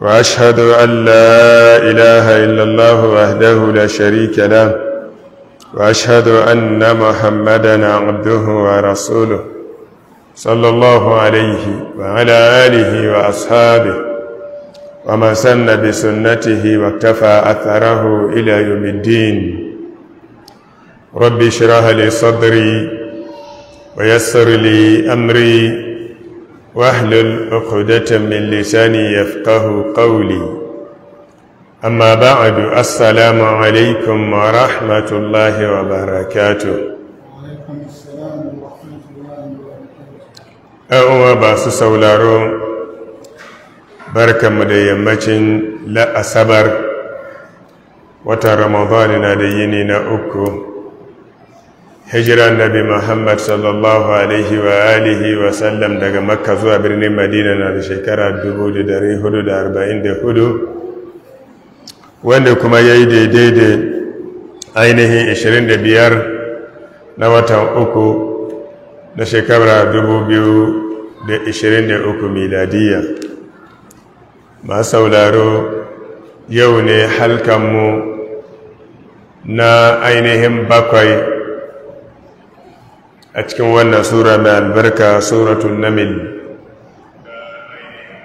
وأشهد أن لا إله إلا الله وحده لا شريك له وأشهد أن محمدا عبده ورسوله صلى الله عليه وعلى آله وأصحابه وما سن بسنته واكتفى أثره إلى يوم الدين ربي شرح لي صدري ويسر لي أمري واحلل عقدة من لساني يفقه قولي أما بعد السلام عليكم ورحمة الله وبركاته Ƴan’uwa ba su sauraro barkanmu da yammacin la’asabar watan Ramadan na da yini na uku. hijirar nabi muhammad sallallahu alaihi wa alihi wa sallam daga makka zuwa birnin madina na da shekara 444 wanda kuma ya yi daidai da ainihin 25 na watan uku na shekara 2023 miladiya masu sauraro yau ne halkanmu na ainihin bakwai a cikin wannan sura mai albarka suratun namil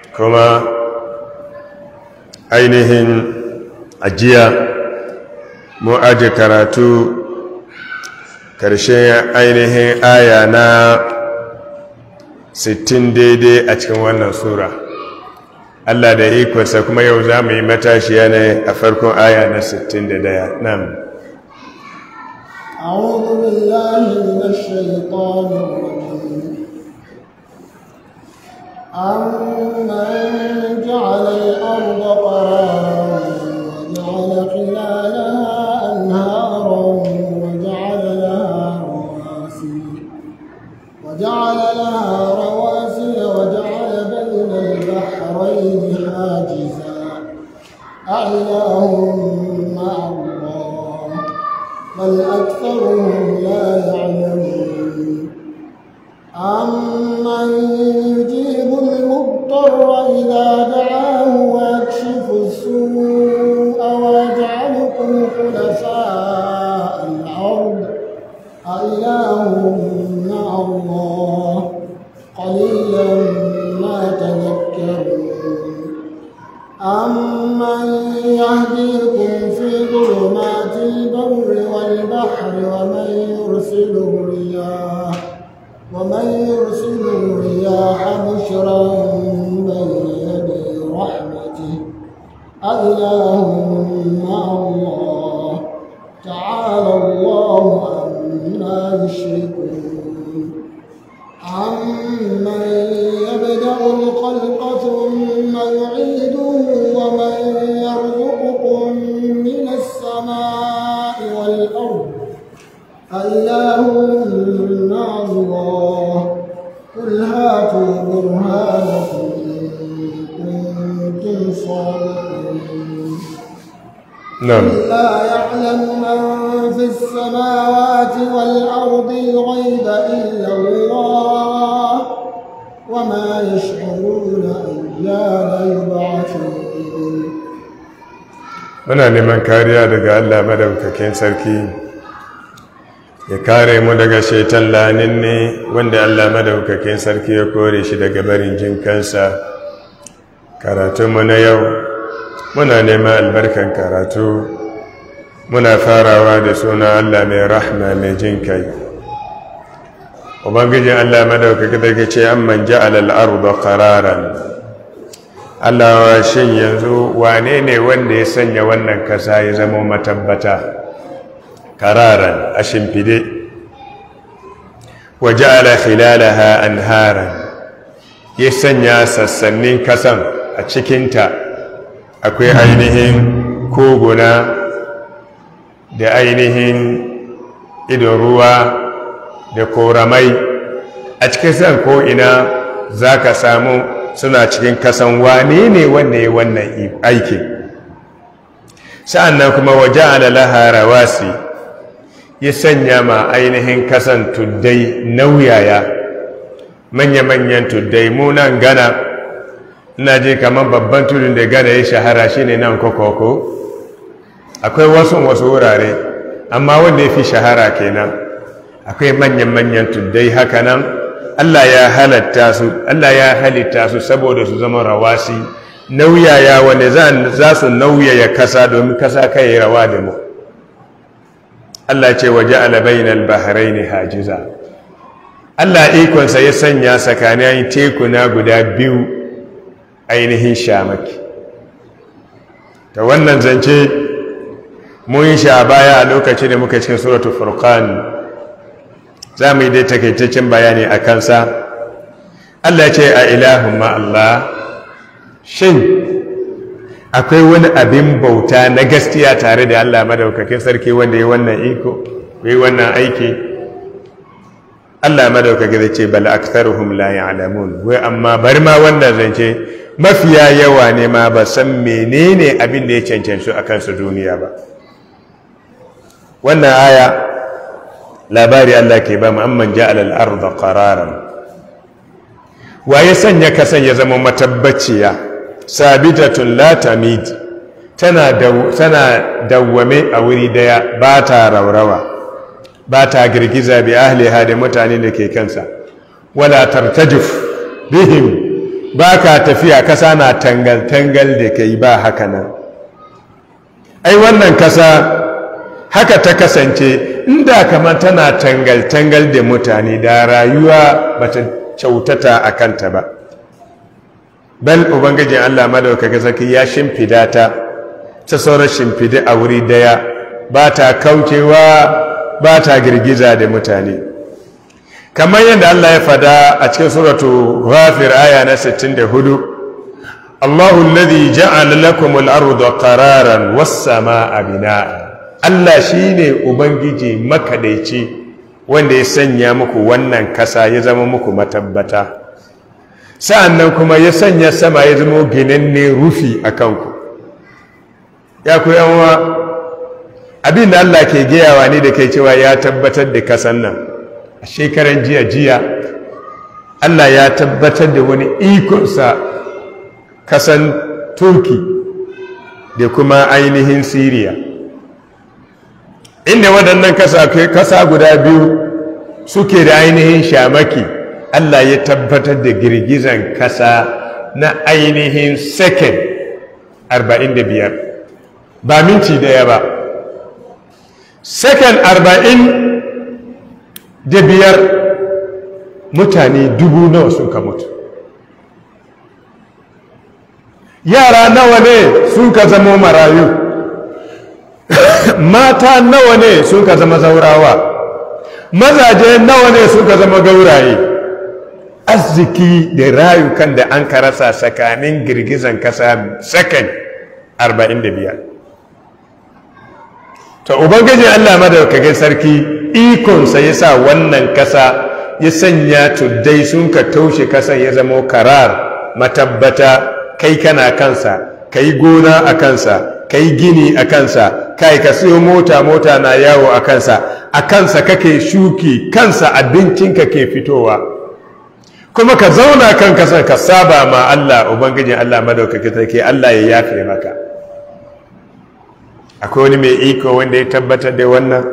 kuma ainihin ajiya mu aji karatu ƙarshen ainihin aya na 60 daidai a cikin wannan sura Allah da ikonsa kuma yau za mu yi matashiya ne a farkon aya na 61 nan أعوذ بالله من الشيطان الرجيم أمن جعل الأرض قرارا وجعل خلالها neman kariya daga Allah madaukakin sarki ya kare mu daga shaitan lanin ne wanda Allah madaukakin sarki ya kore shi daga barin jin kansa karatunmu na yau muna neman albarkan karatu muna farawa da suna Allah mai rahma mai jin kai ubangijin Allah madaukakin sarki ce amman ja'ala al qararan Allah shin yanzu wane ne wanda ya sanya wannan kasa ya zama matabbata kararan a shimfide waje ala an haran ya sanya sassannin kasan a cikinta akwai ainihin koguna da ainihin idon ruwa da koramai a cikin san ko'ina za ka samu suna cikin kasan wane ne wanne wannan aikin sa'annan kuma waje lahara wasi ya sanya ma ainihin kasan tuddai nauyaya manya-manyan tuddai munan gana na je kamar babban tudun da gana ya shahara shine nan kokoko akwai wasu wasu wurare amma wanda ya fi shahara kenan akwai manya manyan tuddai haka nan Allah ya halatta su Allah ya halitta su saboda su zama rawasi nauyaya wanda za su nauyaya kasa domin kasa kai rawa da mu Allah ce waje alabainal bahraini hajiza Allah ikonsa ya sanya tsakanin tekuna guda biyu ainihin shamaki ta wannan zance mun sha baya a lokacin da muka cikin suratul furqan za mu yi dai takaitaccen bayani a kansa Allah ce a ilahun Allah shin akwai wani abin bauta na gaskiya tare da Allah madaukakin sarki wanda ya wannan iko yi wannan aiki Allah madaukakin zai ce bal aktharuhum la alamun wai amma bari ma wannan zance mafiya yawa ne ma ba san menene abin da ya cancanci a kansu duniya ba wannan aya labari Allah ke ba mu'amman ja alal al-ardha waye sanya kasan ya zama matabbaciya sabitatun la tamid tana dawwame a wuri daya ba ta raurawa ba ta girgiza bi ahli hada mutane da ke kansa wala tartajuf bihim ba ka tafiya kasa na tangal-tangal da ka yi ba haka nan ai wannan kasa haka ta kasance inda kamar tana tangal-tangal da mutane da rayuwa ba ta kyautata a kanta ba bal ubangijin allah madaukakin sarki ya shimfida ta ta sauran shimfidi a wuri daya ba ta kaukewa ba ta girgiza da mutane kamar yadda allah ya fada a cikin suratu ghafir aya na 64 Allahu alladhi ja'ala lakum al-ardha qararan was Allah shi ne Ubangiji makadaici wanda ya sanya muku wannan kasa ya zama muku matabbata sa'annan kuma ya sanya sama ya zama ne rufi a kanku ya ku yanwa abin da Allah ke gayawa ne da kai cewa ya tabbatar da kasan nan a shekaran jiya jiya Allah ya tabbatar da wani ikonsa kasan turki da kuma ainihin siriya inda waɗannan kasa guda biyu suke da ainihin shamaki allah ya tabbatar da girgizan kasa na ainihin second 45 ba minti daya ba second 45 mutane dubu nawa suka mutu yara nawa ne sun ka zamo marayu mata nawa ne suka zama zaurawa mazaje nawa ne suka zama gauraye arziki da rayukan da an karasa tsakanin girgizan kasa sakan 45 to ubangiji allah madaukakin sarki ikonsa ya sa wannan kasa ya sanya tuddai sun ka taushe kasan ya zama karar matabbata kai kana kansa kai gona a kansa kai gini a kansa kai ka siyo mota mota na yawo a kansa a kansa kake shuki kansa abincinka ke fitowa kuma ka zauna kan kasar ka saba ma Allah ubangijin Allah madaukaki take Allah ya yafe maka akwai wani mai iko wanda ya tabbatar da wannan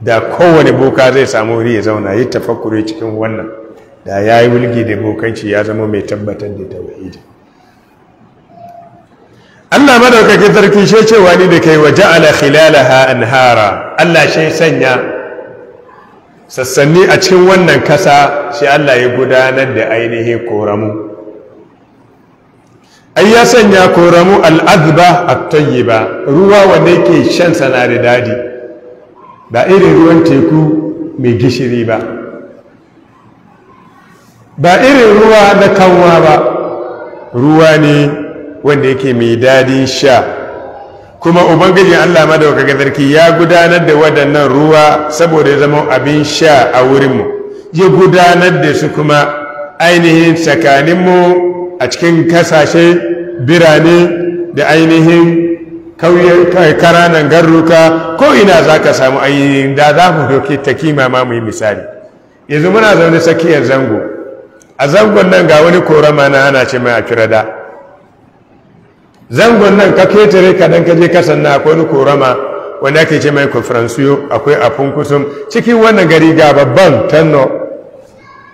da kowane boka zai samu wuri ya zauna yi tafakkure cikin wannan da ya yi wulgi da bokanci ya zama mai tabbatar da tauhidi Allah madaukakin sarki shi cewa wani da kai wa ja'ala khilalaha anhara Allah shi sanya sassanni a cikin wannan kasa shi Allah ya gudanar da ainihi koramu ai ya sanya koramu al'azba at-tayyiba ruwa wanda yake shan sana da dadi ba irin ruwan teku mai gishiri ba ba irin ruwa na kanwa ba ruwa ne wanda yake mai dadin sha kuma ubangijin Allah madaukakin sarki ya gudanar da waɗannan ruwa saboda ya zama abin sha a wurinmu ya gudanar da su kuma ainihin tsakaninmu a cikin kasashe birane da ainihin karanan garruka ko ina za ka samu ainihin da za mu doke ta kima ma mu yi misali yanzu muna zaune tsakiyar zango a zangon nan ga wani korama na ana ce mai akirada zangon nan ka ketare ka dan kaje kasan na akwai korama wanda ake ce mai kufransiyo akwai afin kusum cikin wannan gari ga babban tanno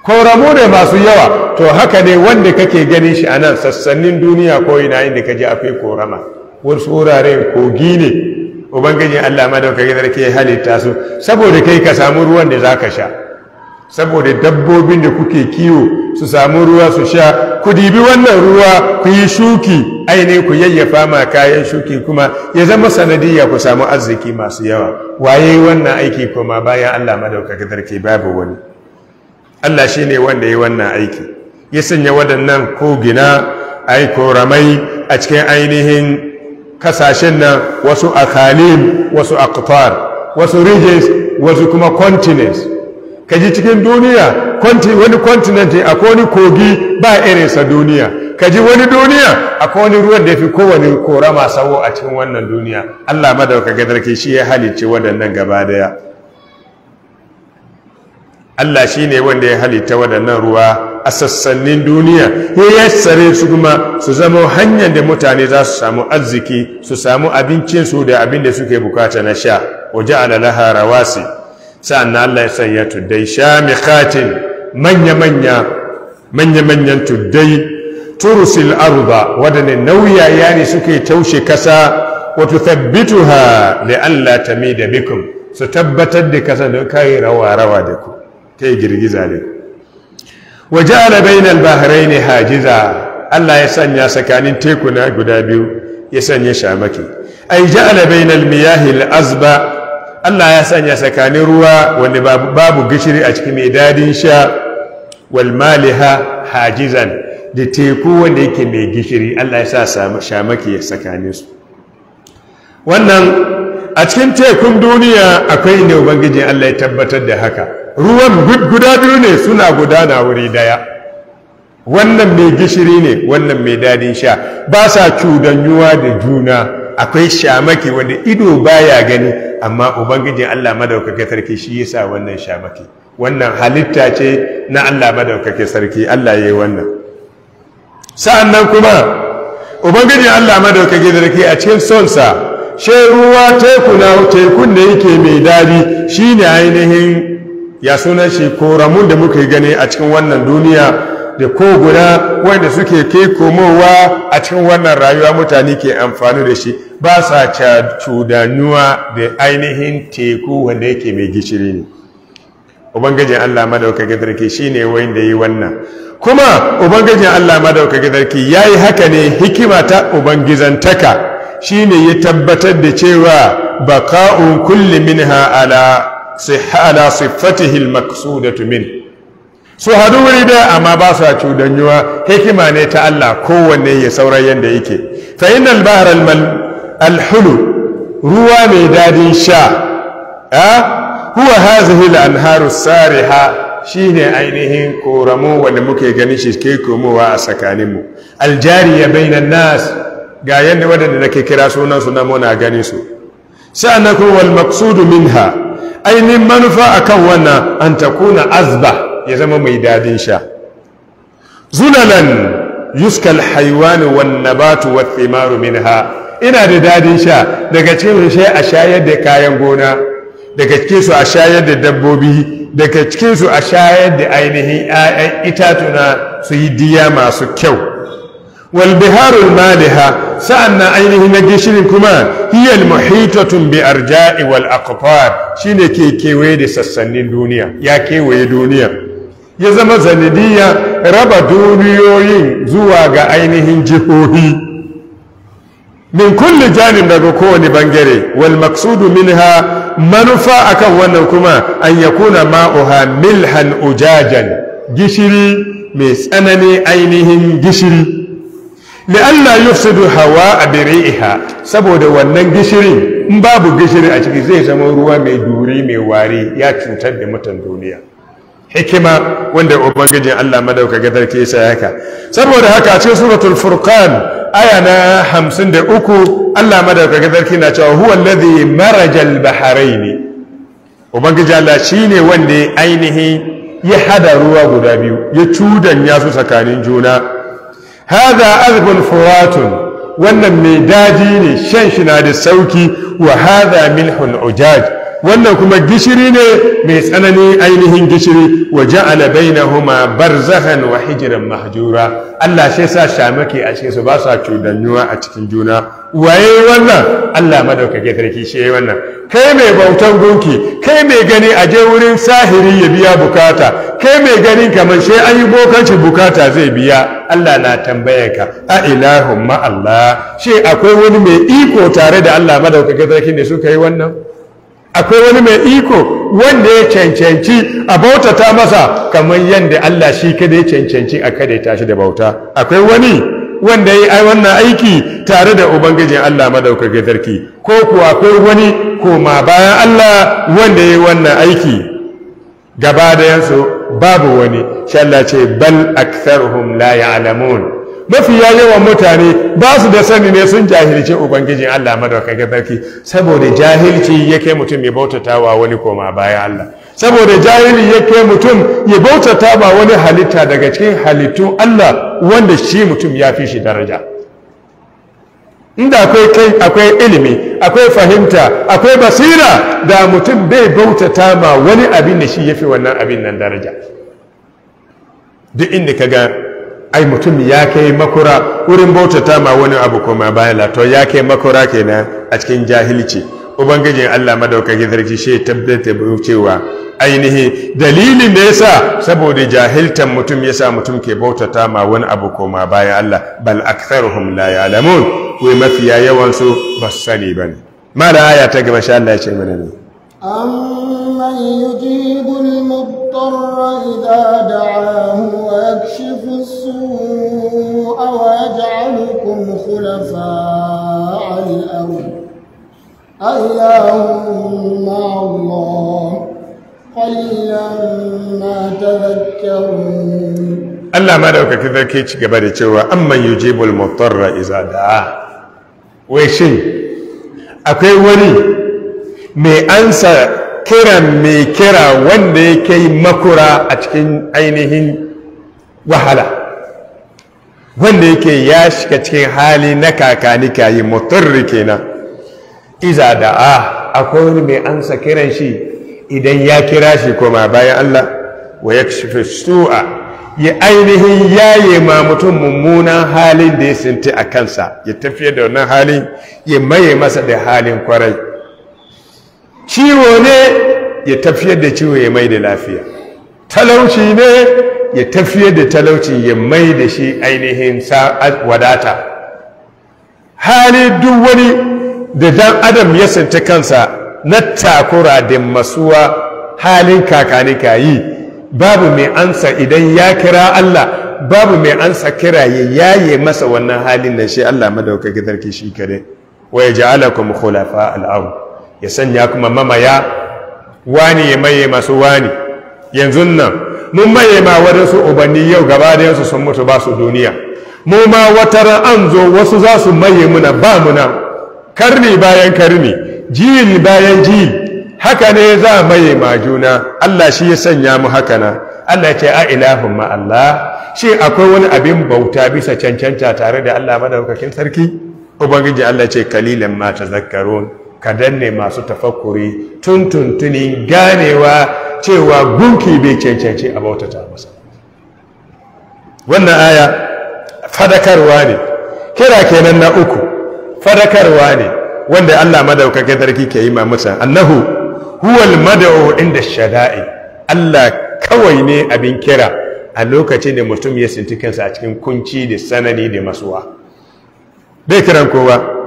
koramu ne masu yawa to haka ne wanda kake gani shi a nan sassanin duniya ko ina inda kaje akwai korama wasu wuraren kogi ne ubangiji allah madaukakin sarki ya halitta su saboda kai ka samu ruwan da za ka sha saboda dabbobin da kuke kiwo su samu ruwa su sha ku dibi wannan ruwa ku yi shuki ainihin ku yayyafa ma kayan shuki kuma ya zama sanadiyya ku samu arziki masu yawa waye wannan aiki kuma bayan Allah madaukakin sarki babu wani Allah shine wanda ya wannan aiki ya sanya waɗannan kogina aiko ramai a cikin ainihin kasashen nan wasu akhalim wasu aqtar wasu regions wasu kuma continents ka ji cikin duniya wani kontinenti akwai wani kogi ba irinsa duniya ka ji wani duniya akwai wani ruwan da ya fi kowane kora masu a cikin wannan duniya allah madauka gadarki shi ya halicci waɗannan gaba daya allah shi ne wanda ya halitta waɗannan ruwa a sassanin duniya ya yassare su kuma su zama hanyar da mutane za su samu arziki su samu abincinsu da abin da suke bukata na sha waje alalaha rawasi sa'annan Allah ya sanya tuddai shamikatin manya-manya manya-manyan tuddai turusil arba waɗanda nauyaya ne suke taushe kasa wato tabbituha da Allah ta mai da bikum su tabbatar da kasa don kayi rawa-rawa da ku ta yi girgiza ne waje ala bainal baharai ne hajiza Allah ya sanya tsakanin tekuna guda biyu ya sanya shamaki ai ja'ala bainal miyahil azba Allah ya sanya tsakanin ruwa wanda babu gishiri a cikin mai dadin sha wal hajizan da teku wanda yake mai gishiri Allah ya sa shamaki ya tsakanin su wannan a cikin tekun duniya akwai ne ubangiji Allah ya tabbatar da haka ruwan guda biyu ne suna gudana wuri daya wannan mai gishiri ne wannan mai dadin sha ba sa cudanyuwa da juna akwai shamaki wanda ido baya gani amma ubangijin Allah madaukake sarki shi yasa wannan shamaki wannan halitta ce na Allah madaukake sarki Allah yayi wannan sa'annan kuma ubangijin Allah madaukake sarki a cikin son sa she ruwa teku na tekun da yake mai dadi shine ainihin ya sunan shi koramun da muke gani a cikin wannan duniya da ko guda, wanda suke ke komowa a cikin wannan rayuwa mutane ke amfani da shi ba sa cudanuwa da ainihin teku wanda yake mai gishiri ne ubangajin allah madaukakin sarki ne wanda yi wannan kuma ubangajin allah madaukakin sarki ya yi haka ne hikima ta ubangizantaka ne ya tabbatar da cewa baka'un kulli minha ala sihhala siffatihi al-maqsudatu min su hadu wuri da amma ba sa cudanyuwa hikima ne ta Allah kowanne ya saura yadda yake fa innal bahr al ruwa mai dadin sha huwa hazihi al anharu sariha shine ainihin koramo wanda muke gani shi ke komowa a tsakaninmu ya bainan nas ga yadda waɗanda nake kira sunansu na muna ganin su na kuma maksudu maqsudu minha ainihin manufa akan wannan an takuna azba ya zama mai dadin sha zulalan yuskal haiwanu wan nabatu wat thimaru minha ina da dadin sha daga cikin shi a shayar da kayan gona daga cikin su a shayar da dabbobi daga cikin su a shayar da ainihin ƴaƴan itatuna su yi diya masu kyau wal maliha sa'annan ainihin na gishirin kuma hiyal muhitatun bi arja'i wal aqfar shine ke kewaye da sassanin duniya ya kewaye duniya ya zama zanidiyya raba duniyoyin zuwa ga ainihin jihohi min kulli janin daga kowane bangare wal maksudu minha manufa akan wannan kuma an ya yakuna ma'uha milhan ujajan gishiri mai tsanani ainihin gishiri su yufsidu hawa a biri'iha saboda wannan gishirin, in babu gishiri a ciki zai zama ruwa mai duri mai wari ya cutar da mutan duniya hikima wanda ubangiji Allah madauka ga ya sai haka saboda haka a cikin suratul furqan aya na 53 Allah ga sarki na cewa huwa alladhi marajal bahrain ubangiji Allah shine wanda ainihi ya hada ruwa guda biyu ya cudanya su tsakanin juna hadha azbul furatun wannan mai daji ne shan shi na da sauki wa hadha milhun ujaj wannan kuma gishiri ne mai tsanani ainihin gishiri wa ja'ala bainahuma barzahan wa hijran mahjura Allah shi sa shamaki a cikin su ba sa cudanyuwa a cikin juna waye wannan Allah madaukake sarki shi wannan kai mai bautan gunki kai mai gani a je wurin sahiri ya biya bukata kai mai ganin kamar shi an yi bokanci bukata zai biya Allah na tambayaka. a ilahumma Allah shi akwai wani mai iko tare da Allah madaukake sarki ne suka yi wannan akwai wani mai iko wanda ya cancanci a bautata masa kamar yadda Allah shi kada ya cancanci a kada ya tashi da bauta akwai wani wanda ya yi wannan aiki tare da ubangijin Allah madaukakin sarki ko kuwa akwai wani koma bayan Allah wanda ya yi wannan aiki gaba dayansu babu wani shi ce bal aktharuhum la ya'lamun mafiya yawan mutane ba su da sani ne sun jahilci ubangijin Allah madaukakin sarki saboda jahilci yake mutum ya bautatawa wani koma bayan Allah saboda jahili yake mutum ya bautata ba wani halitta daga cikin halittu Allah wanda shi mutum ya fi shi daraja inda akwai kai akwai ilimi akwai fahimta akwai basira da mutum bai bautata ma wani abin da shi ya wannan abin nan daraja duk inda ka ga ai mutum ya kai makura wurin bautata ma wani abu kuma bayan to ya kai makura kenan a cikin jahilci ubangijin Allah madaukakin sarki shi tabbata cewa ainihi dalilin da yasa saboda jahiltan mutum yasa mutum ke bautata ma wani abu koma bayan Allah bal aktharuhum la ya'lamun wai mafiya yawan su ba sani bane mala aya ta gaba sha Allah ya ce mana ne أمن يجيب المضطر إذا دعاه ويكشف السوء ويجعلكم خلفاء الأرض أإله مع الله قليلا ما تذكرون Allah ma madaukakin sarki ci gaba da cewa amman yujibul mutarra iza da'a wai shin akwai wani mai ansa kiran mai kira wanda ya kai makura a cikin ainihin wahala wanda yake ya shiga cikin hali na kakani kayi mutum kenan iza da a akwai wani mai ansa kiran shi idan ya kira shi koma bayan Allah wa ya su'a ya ainihin yaye ma mutum mummunan halin da ya sinti a kansa ya tafiye da wannan halin ya maye masa da halin kwarai ciwo ne ya tafiyar da ciwo ya mai da lafiya talauci ne ya tafiyar da talauci ya mai da shi ainihin wadata hali duk wani da dan adam ya sinta kansa na takura da masuwa halin kakanika yi babu mai ansa idan ya kira Allah babu mai ansa kira ya yaye masa wannan halin da shi Allah madaukakin sarki shi kare wa ya ja'alakum khulafa al ya sanya kuma mamaya wani ya maye masu wani yanzu nan mun maye ma wadansu ubanni yau gaba da sun mutu ba su duniya mu ma wata an zo wasu za su maye muna ba muna karni bayan karni ji bayan ji haka ne za a maye ma juna Allah shi ya sanya mu haka na Allah ce a ilahun ma Allah shi akwai wani abin bauta bisa cancanta tare da Allah madaukakin sarki ubangiji Allah ce kalilan ma tazakkarun ka danne masu tafakkuri tuntuntunin ganewa cewa gunki bai cancanci a bautata masa wannan aya fadakarwa ne kira kenan na uku fadakarwa ne wanda Allah madaukakin gadar ke yi ma masa. annahu huwal mada'u inda shada'i Allah kawai ne abin kira a lokacin da mutum ya sinti kansa a cikin kunci da sanani da masuwa bai kiran kowa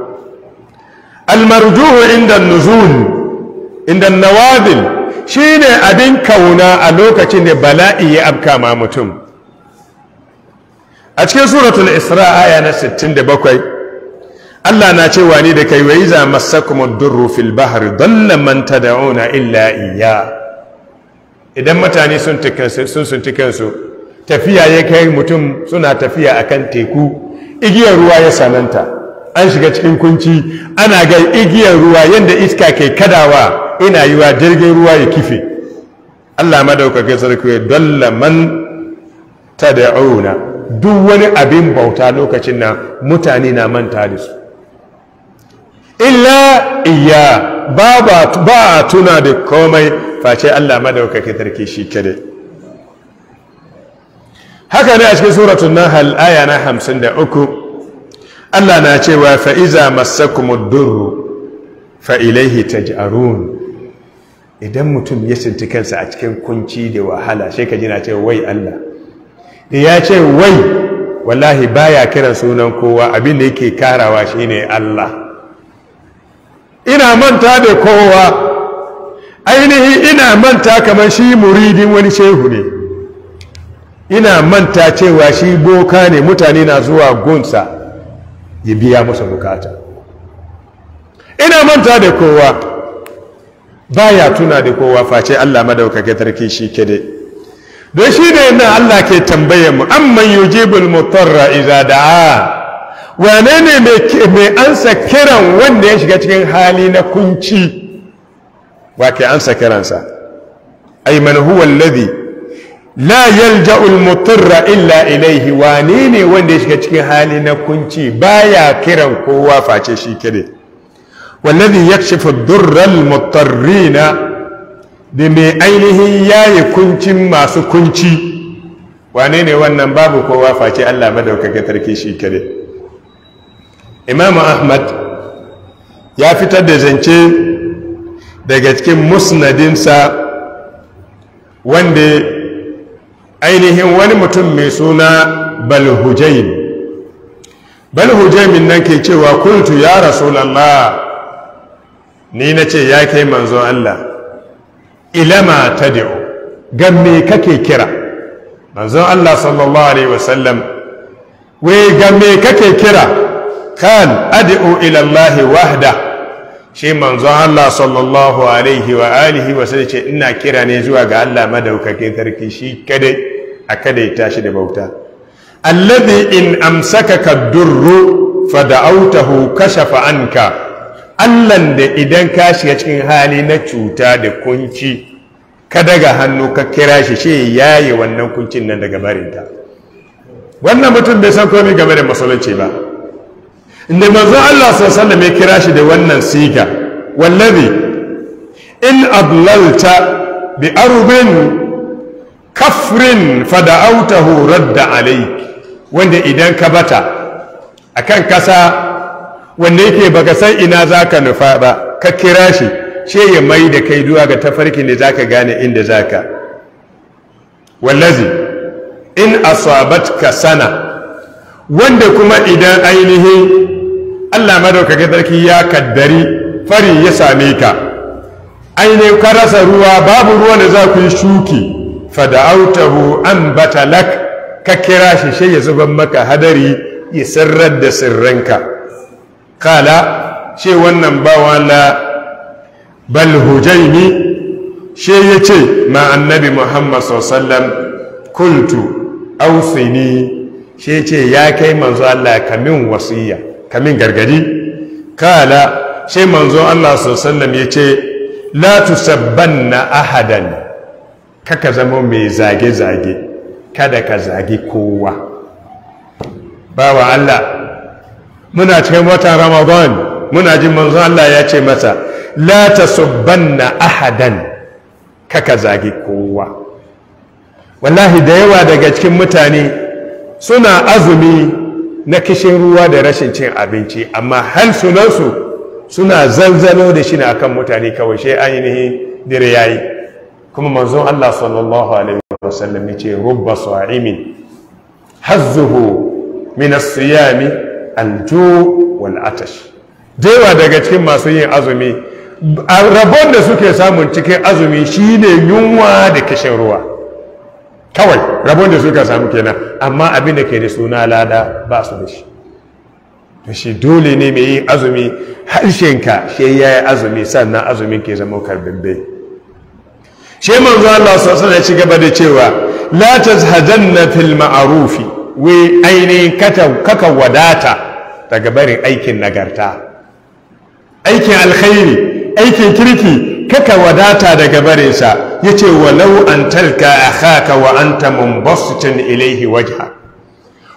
almarjuhu inda nuzul inda nawadil shine abin kauna a lokacin da bala'i ya afka mutum a cikin suratul isra aya na bakwai, Allah na cewa ni da kai wai za masakum durru fil bahri dalla man tad'una illa iya idan mutane sun sun sunti kansu tafiya ya kai mutum suna tafiya akan teku igiyar ruwa ya sananta an shiga cikin kunci ana ga igiyar ruwa yadda iska ke kadawa ina yiwa jirgin ruwa ya kife Allah madaukakin sarki ya dalla man auna duk wani abin bauta lokacin na mutane na manta da su illa iya ba a tuna da komai face Allah madaukakin sarki shi kade haka ne a cikin suratun nan hal'aya na 53 Allah na cewa fa'iza masakumud durru fa'ilaihi ta taj'arun idan mutum ya sinti kansa a cikin kunci da wahala shi ka jina ce wai Allah da ya ce wai wallahi baya kiran sunan kowa abin da yake karawa shine Allah ina manta da kowa ainihi ina manta kamar shi muridin wani shehu ne ina manta cewa shi boka ne mutane na zuwa gunsa ya biya masa bukata ina manta da kowa ba ya tuna da kowa face Allah madaukake tarki shi kede don shi da yana Allah ke tambaye mu amman yujibul mutarra idza da'a wane ne mai ansa kiran wanda ya shiga cikin hali na kunci wa ke ansa kiransa ay man huwa la yalja'ul mutarra illa ilaihi wanene ne wanda ya shiga cikin hali na kunci baya kiran kowa face shi kire wallazi yakshifu durral mutarrina da mai ainihin yaye kuncin masu kunci wane ne wannan babu kowa face Allah madaukakin tarki shi kire Imam Ahmad ya fitar da zance daga cikin musnadinsa wanda ainihin wani mutum mai suna balhujaim balhujaimin nan ke cewa kultu ya rasulallah ni na ce ya kai manzon Allah ilama ta da'o gan me kake kira manzo Allah sallallahu alaihi wasallam we gan me kake kira kan ad'u ila Allah wahda shi manzon Allah sallallahu alaihi wa alihi wasallam ce ina kira ne zuwa ga Allah madaukakin sarki shi kadai a kada ya tashi da bauta alladhi in amsakaka durru fada'awtahu kashafa anka allan da idan ka shiga cikin hali na cuta da kunci ka daga hannu ka kira shi shi yi wannan kuncin nan daga barinta wannan mutum bai san komai game da masalaci ba inda manzon Allah sallallahu alaihi ya kira shi da wannan siga wallazi in adlalta bi arbin kafrin fada'autahu da alai wanda idan ka bata a akan kasa wanda yake baka san ina za ka nufa ba ka kira shi ce ya mai da kai duwa ga tafarkin da ka gane inda za ka. wallazi in ka sana wanda kuma idan ainihi, Allah madaukakin sarki ya kaddari fari ya same ka ainihin ka rasa ruwa babu ruwa da za ku yi shuki fada'autahu an batalak ka kira shi shi ya zuban maka hadari ya sirrar da sirrinka. kala ce wannan bawa na bal hujaini shi ya ce ma annabi muhammad sosallam kultu ausini shi ce ya kai manzo allah kamin wasiya kamin gargadi kala shi manzo allah sosallam ya ce la na, ahadan kaka zama mai zage-zage kada ka zage kowa bawa Allah muna cikin watan ramadan muna jin manzon Allah ya ce masa la tasubbanna ahadan kaka zage kowa wallahi da yawa daga cikin mutane suna azumi na kishin ruwa da rashin cin abinci amma har sunansu suna zanzano da shi akan mutane kawai shi ainihin dire yayi kuma manzon Allah sallallahu alaihi wasallam yace rubba sa'imin hazzuhu min as-siyami al-ju' wal atash daga cikin masu yin azumi rabon da suke samun cikin azumi shine yunwa da kishin ruwa kawai rabon da suka samu kenan amma abin da ke da suna lada ba su da shi to shi dole ne mai yin azumi harshenka shi ya yi azumi sannan azumin ke zama karbin bai shi manzo Allah sosai ya ci gaba da cewa la tazhadanna fil ma'rufi we ainihin kaka wadata daga barin aikin nagarta aikin alkhairi aikin kirki kaka wadata daga barinsa yace walau an talka akhaka wa anta munbasitin ilaihi wajha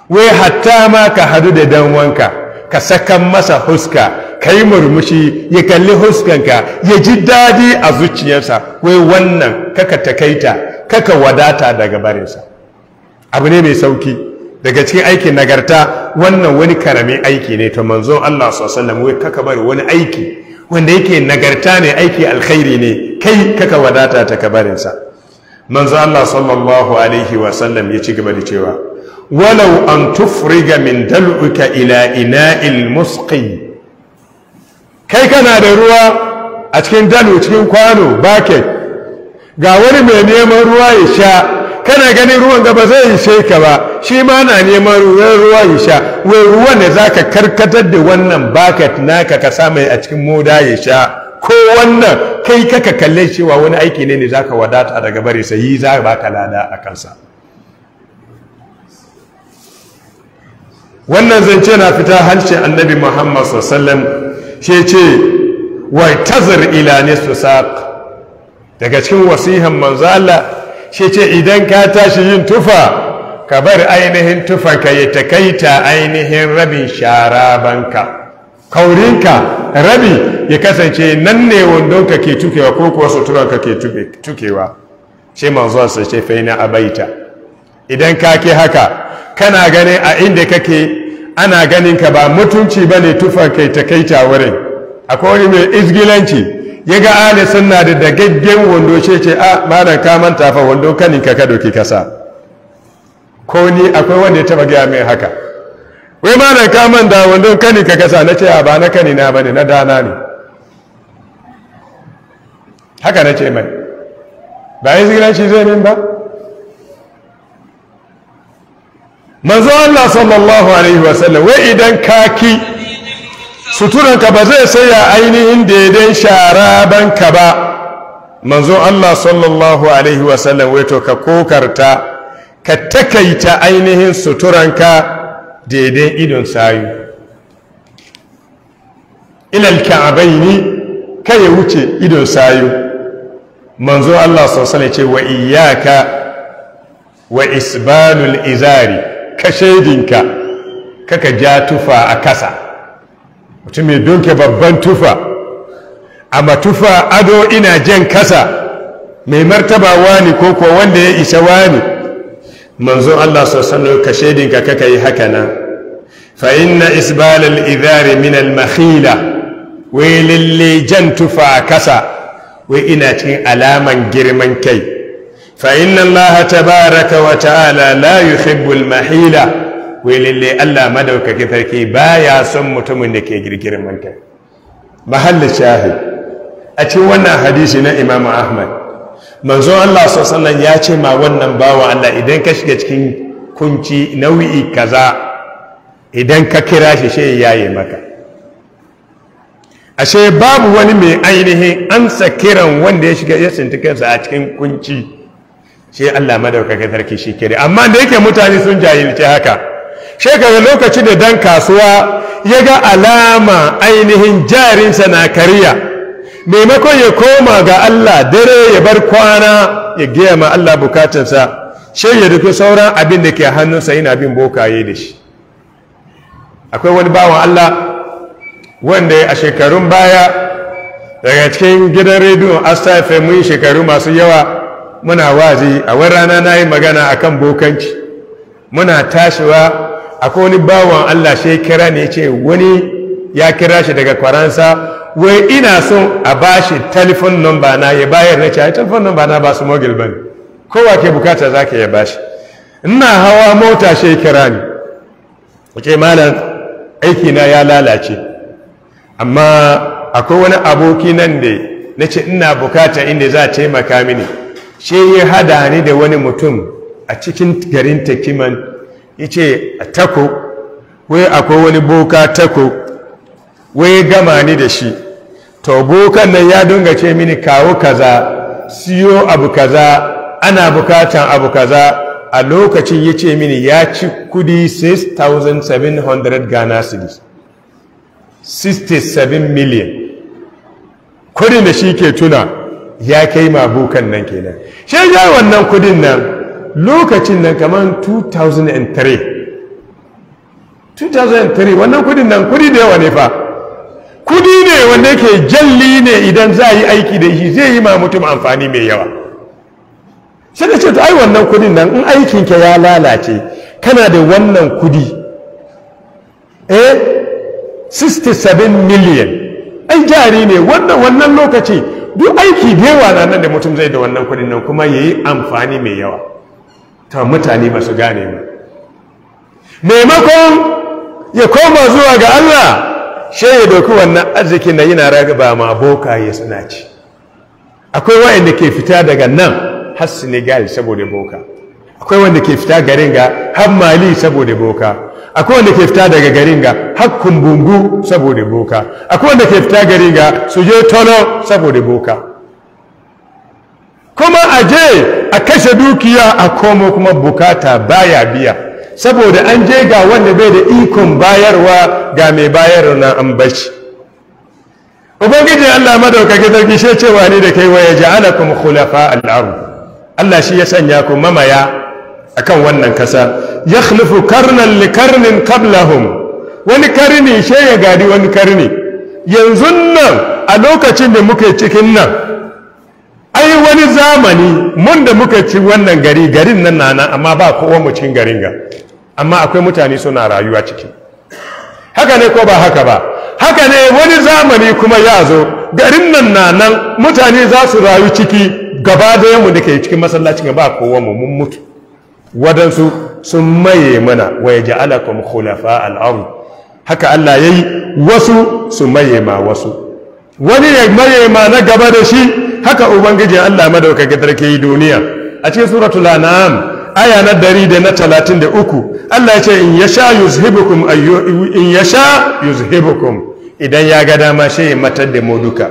we hatta ma ka hadu da danwanka ka sakan masa huska ka yi murmushi ya kalli huskanka ya ji daɗi a zuciyarsa wai wannan kaka takaita kaka wadata daga barinsa abu ne mai sauki daga cikin aikin nagarta wannan wani karamin aiki ne ta manzon Allah sallallahu wai kaka bari wani aiki wanda yake nagarta ne aiki alkhairi ne kai kaka wadata ta kabarinsa manzon Allah sallallahu alaihi wasallam ya ci gaba da cewa walau an tufriga min dal'uka ila ina'il musqi kai kana da ruwa a cikin dalu cikin kwano bucket ga wani mai neman ruwa ya sha kana ganin ruwan gaba zai ishe ka ba shi ma na neman ruwa ya sha wai ruwan da zaka karkatar da wannan baket naka ka sa mai a cikin moda ya sha ko wannan kai kaka kalle cewa wani aiki ne ne zaka wadata daga bare sai yi za baka lada a kansa wannan zance na fita hancin annabi muhammad sallam shi ce wai tazar ila ne su daga cikin wasihan manzala shi ce idan ka tashi yin tufa ka bar ainihin tufa ka yi takaita ainihin rabin sharabanka kaurinka rabi ya kasance nan ne wandonka ke tukewa ko kuwa suturanka ke tukewa shi manzo sa ce faina abaita idan ka ke haka kana ganin a inda kake ana ganin ka ba mutunci ba ne tufan kai ta kai ta wurin akwai wani mai izgilanci ya ga Ali sunna da dagaggen wando ce ce ah, a malam ka manta fa wando kanin ka kado ki kasa ko ni akwai wanda ya taba gaya mai haka wai malam ka manta wando kanin ka kasa na ce a ah, ba na kani na bane na dana ne haka na ce mai ba izgilanci zai min ba manzo Allah sallallahu alaihi wasallam wai idan kaki suturanka ba zai saya ainihin daidai banka ba manzo Allah sallallahu alaihi wasallam wai to ka kokarta ka takaita ainihin suturanka daidai idon sayu ilal ka'abaini kai wuce idon sayu manzo Allah sallallahu alaihi wasallam ce wa iyyaka wa isbalul izari ka kaka ja tufa a kasa mutum mai dunke babban tufa a matufa ado ina jan kasa mai martaba wani ko kuwa wanda ya isa wani manzo Allah sassanin ka shaidinka kaka yi haka nan fa inna isbalal idari min al-makhila wai lalle jan tufa a kasa wai ina cikin alaman girman kai فإن الله تبارك وتعالى لا يحب المحيلة ولله الله mutumin كثركي بايا سم تمنك يجري من كان محل الشاهد أتي ونا حديثنا إمام أحمد manzo Allah sallallahu ya ce ma wannan bawa Allah idan ka shiga cikin kunci nau'i kaza idan ka kira shi sai yaye maka ashe babu wani mai ainihin amsa kiran wanda ya shiga ya tsinci kansa a cikin kunci shi Allah madaukakin sarki shi ke amma da yake mutane sun jahilce haka shekara lokaci da dan kasuwa ya ga alama ainihin jarinsa na kariya maimakon ya koma ga Allah dare ya bar kwana ya gaya ma Allah bukatunsa shi ya rufe sauran abin da ke hannunsa yana bin bokaye da shi akwai wani bawan Allah wanda a shekarun baya daga cikin gidan rediyon astafe yin shekaru masu yawa muna wazi a wani rana na yi magana a kan bokanci muna tashiwa akwai wani bawan allah shi kira ne ce wani ya kira shi daga kwaransa wai ina son a ba shi telefon nomba na ya bayar na ce a telefon nomba na ba su mogil ba ne kowa ke bukata za ka ya ba shi ina hawa mota shi kira ne wace malam aiki na ya lalace amma akwai wani aboki nan da na ce ina bukata inda za a taimaka mini shi ya hada ni da wani mutum a cikin garin takiman ya ce a tako wai akwai wani boka tako wai gama ni da shi to bokan nan ya dunga ce mini kawo kaza siyo abu kaza ana bukatan abu kaza a lokacin ya ce mini ya ci kudi 6,700 ghana cities 67 million kudin da shi ke tuna ya kai mabukan nan kenan shi ya wannan kudin nan lokacin nan kamar 2003 2003 wannan kudin nan kudi da yawa ne fa kudi ne wanda ke jalli ne idan za a yi aiki da shi zai yi ma mutum amfani mai yawa sai da ce ta ai wannan kudin nan in aikinka ya lalace kana da wannan kudi eh 67 million. ai jari ne wannan wannan lokaci duk aiki da na nan da mutum zai da wannan kudin nan kuma ya yi amfani mai yawa ta mutane ba su gane ba maimakon ya koma zuwa ga allah shi ya doki wannan arzikin na yana ragaba ma bokaye suna ci akwai da ke fita daga nan har senegal saboda boka akwai wanda ke fita garin ga har mali saboda boka akwai wanda ke fita daga garin ga har kumbungu saboda boka akwai wanda ke fita garin ga su je tono saboda boka kuma a je a kashe dukiya a komo kuma bukata baya biya saboda an je ga wanda bai da ikon bayarwa ga mai bayarwa na an bashi ubangiji allah madaukaki sarki shi cewa ne da kai wa ya ja'alakum khulafa al-ardh Allah shi ya sanya ku mamaya akan wannan kasa ya khlifu karnan li karnin qablahum wani karni she ya gari wani karni yanzu nan a lokacin da muke cikin nan ai wani zamani mun da muka ci wannan gari garin nan nana amma ba kowa mu cikin garin ga amma akwai mutane suna rayuwa ciki haka ne ko ba haka ba haka ne wani zamani kuma ya zo garin nan na mutane za su rayu ciki gaba da mu da ke cikin masallacin ba kowa mu mun mutu wadansu sun maye mana wa ya kuma khulafa al haka Allah ya yi wasu su maye ma wasu wani ya maye ma na gaba da shi haka ubangiji Allah gidar ke yi duniya a cikin suratul anam aya na dari da na talatin da uku Allah ya ce in ya sha yuzhibukum in ya sha yuzhibukum idan ya ga dama shi ya matar da mu duka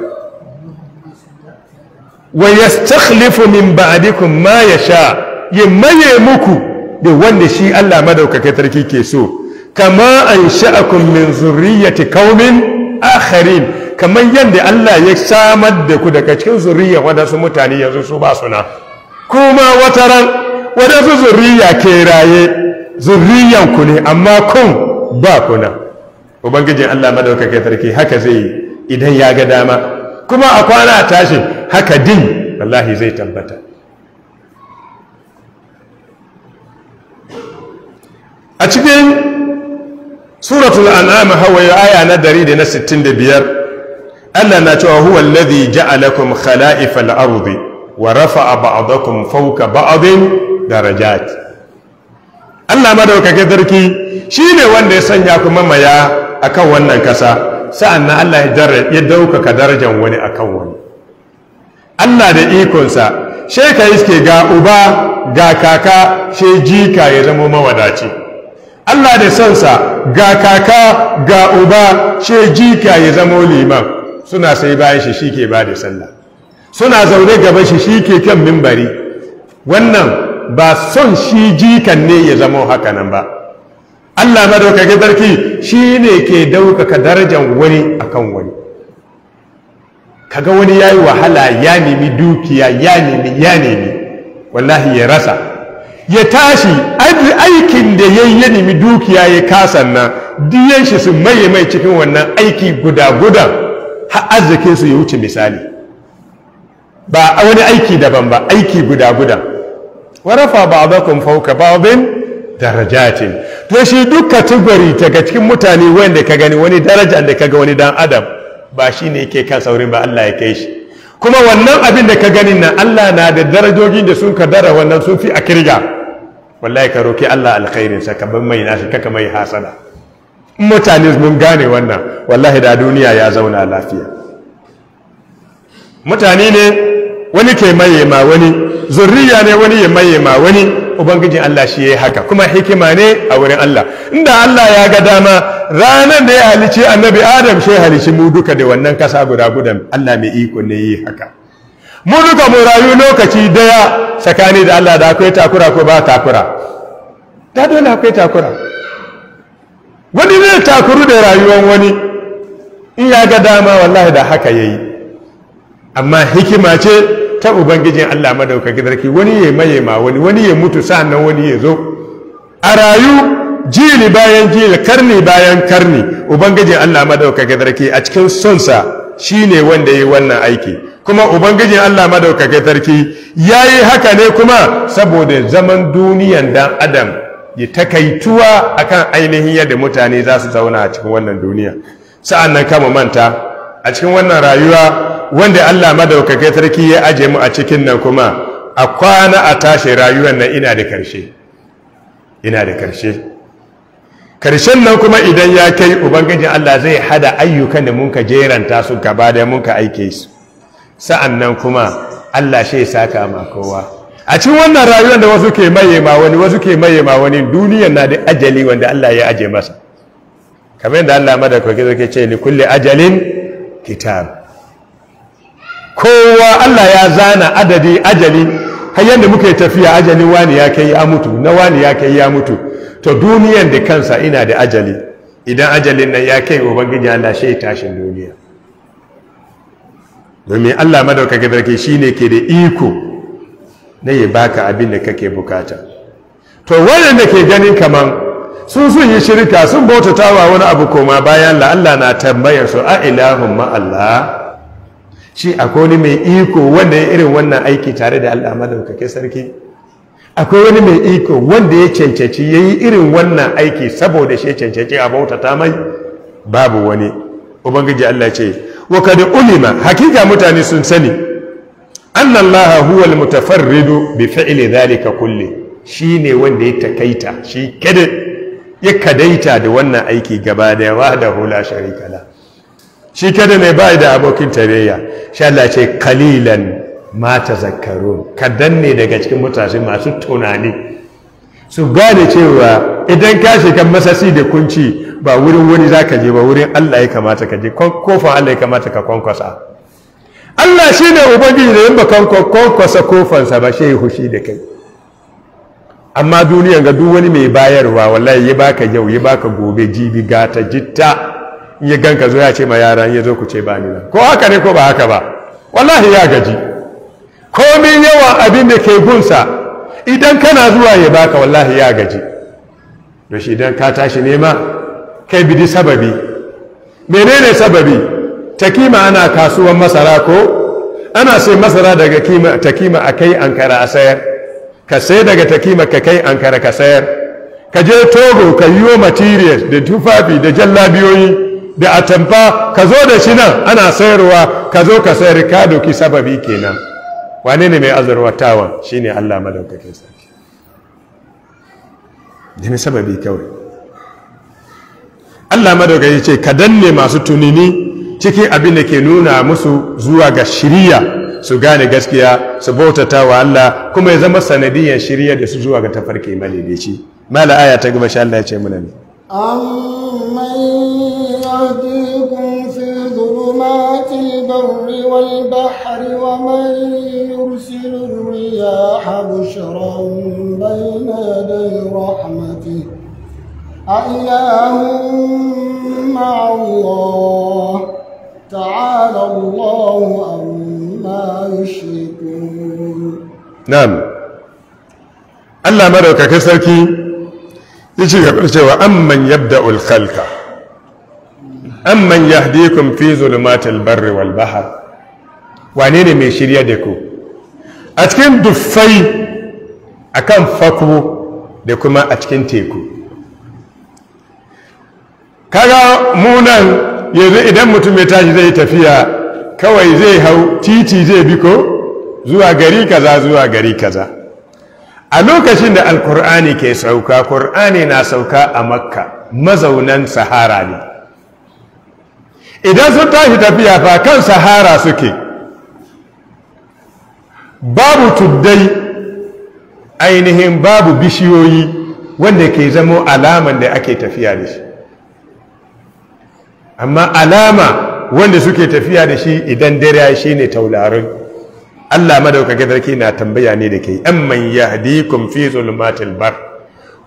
wa yastakhlifu min ba'dikum ma ya sha. ya maye muku da wanda shi Allah madaukakin sarki ke so kama an sha'akun min zurriyyati qaumin akharin kamar yadda Allah ya samar da ku daga cikin zurriya wadansu mutane yanzu su ba suna kuma wata ran wadansu zurriya ke raye zurriyan ku ne amma kun ba kuna ubangijin Allah madaukakin sarki haka zai yi idan ya ga dama kuma a kwana tashi haka din wallahi zai tabbata a cikin suratul an'am hawaye aya na 165 Allah na cewa huwa alladhi ja'alakum khala'ifal ardi wa rafa'a ba'dakum fawqa ba'din darajat Allah madaukakin shi shine wanda ya sanya ku mamaya akan wannan kasa na Allah ya daukaka darajan wani akan wani Allah da ikonsa sheka iske ga uba ga kaka shi jika ya zama mawadaci Allah da sonsa ga kaka ga uba ce jika ya zamo liman suna sai bayan shi shike ba da sallah suna zaune gaban shi shike kan mimbari wannan ba son shi jikan ne ya zamo haka nan ba Allah madaukakin sarki shi ne ke daukaka darajar wani akan wani kaga wani yayi wahala ya nemi dukiya ya nemi ya nemi wallahi ya rasa ya tashi aikin da ya yi nemi dukiya ya kasan nan diyan su maye mai cikin wannan aiki guda-guda har arzikin su ya wuce misali ba a wani aiki daban ba aiki guda-guda warafa ba abakun fauka ba abin darajatin to shi duk katubari daga cikin mutane wanda ka gani wani daraja da ka ga wani dan adam ba shi ne ke kan saurin ba Allah ya kai shi kuma wannan abin da ka gani na Allah na da darajojin da sun ka dara wannan sun fi a kirga wallahi ka roki Allah alkhairin sa ka bar mai nashi kaka mai hasada mutane mun gane wannan wallahi da duniya ya zauna lafiya mutane ne wani ke maye ma wani zurriya ne wani ya maye ma wani ubangijin Allah shi yayi haka kuma hikima ne a wurin Allah inda Allah ya ga dama ranar da ya halice annabi Adam shi halice mu duka da wannan kasa guda gudan Allah mai iko ne yi haka mu duka mu rayu lokaci daya tsakani da Allah da akwai takura ko ba takura da dole akwai takura wani zai takuru da rayuwar wani in ya ga dama wallahi da haka yayi amma hikima ce ta ubangijin Allah madauka gidarki wani ya maye ma wani wani ya mutu sannan wani ya zo a rayu jili bayan jili karni bayan karni ubangijin Allah madauka gidarki a cikin sonsa shine wanda yi wannan aiki kuma ubangijin Allah madaukake sarki yayi haka ne kuma saboda zaman duniyan dan adam ya takaituwa akan ainihin yadda mutane za su zauna a cikin wannan duniya sa'an nan kama manta a cikin wannan rayuwa wanda Allah madaukake sarki ya aje mu a cikin nan kuma a kwana a tashi rayuwar nan ina da karshe ina da karshe karshen nan kuma idan ya kai ubangijin Allah zai hada ayyukan da mun ka jeranta su gaba da mun ka aike su sa'an nan kuma Allah shi sa ma kowa a cikin wannan rayuwar da wasu ke maye ma wani wasu ke maye ma wani duniyar na da ajali wanda Allah ya aje masa kamar yadda Allah madaukaki zai ce ni kulle ajalin kitab kowa Allah ya zana adadi ajali har yadda muke tafiya ajali wani ya kai ya mutu na wani ya kai ya mutu to duniyar da kansa ina da ajali idan ajalin nan ya kai ubangiji Allah shi tashin duniya domin Allah madaukakin shi shine ke da iko na ya baka abin da kake bukata to waɗanda ke ganin kaman sun sun yi shirka sun bautatawa wani abu koma bayan la Allah na tambayar su a ilahun shi akwai wani mai iko wanda ya irin wannan aiki tare da Allah madaukake sarki akwai wani mai iko wanda ya cancanci ya yi irin wannan aiki saboda shi cancanci a bautata mai babu wani ubangiji Allah ce wa kad ulima hakika mutane sun sani anna allaha huwa almutafarridu bi fi'li dhalika kulli shine wanda ya takaita shi kada ya kadaita da wannan aiki gaba da hula la sharika la shi kada ne bai da abokin tarayya sha Allah ce qalilan ma tazakkarun kadan ne daga cikin mutane masu tunani su gane cewa idan ka shiga masasi da kunci ba wurin wani za ka je ba wurin Allah ya kamata ka je kofan Allah ya kamata ka kwankwasa Allah shi ne ubangiji da yin ba kwankwasa kofansa ba shi hushi da kai amma duniyan ga duk wani mai bayarwa wallahi ya baka yau ya baka gobe jibi gata jitta in ya ganka zo ya ce ma yara ya zo ku ce ba ni ko haka ne ko ba haka ba wallahi ya gaji komin yawan abin da ke gunsa idan kana zuwa ya baka wallahi ya gaji da shi idan ka tashi nema kai bidi sababi menene sababi ta kima ana kasuwan masara ko ana sai masara daga kima ta kima a kai ankara a sayar ka sai daga takima ka kai ankara ka sayar ka je togo ka yiwo materials da tufafi da jallabiyoyi da atamfa ka zo da shi nan ana sayarwa ka zo ka sayar ka doki sababi kenan wane ne mai azurwatawan shi ne allah madaukakin sarki nemi sababi kawai allah madaukakin ce ka danne masu tunini cikin abin da ke nuna musu zuwa ga shiriya su gane gaskiya su bautata wa allah kuma ya zama sanadiyyar shirya da su zuwa ga tafarki malidici mala aya ta gaba sha allah ya ce muna ne amman البر والبحر ومن يرسل الرياح بشرا بين يدي رحمته أإله مع الله تعالى الله عما يشركون نعم الله مرة كسركي يجي يقول أمن يبدأ الخلق amman yahdikum fi zulumatil barri wal bahr wane ne mai shirya da ku a cikin duffai akan faku da kuma a cikin teku kaga munan yanzu idan mutum ya tashi zai tafiya kawai zai hau titi zai biko zuwa gari kaza zuwa gari kaza a lokacin da alkur'ani ke sauka kur'ani na sauka a makka mazaunan sahara ne idan sun tashi tafiya fa kan sahara suke babu tuddai ainihin babu bishiyoyi wanda ke zamo alaman da ake tafiya da shi amma alama wanda suke tafiya da shi idan dare shi ne taularin Allah madaukakin sarki na tambaya ne da ke amman yahdikum fi zulmatil bar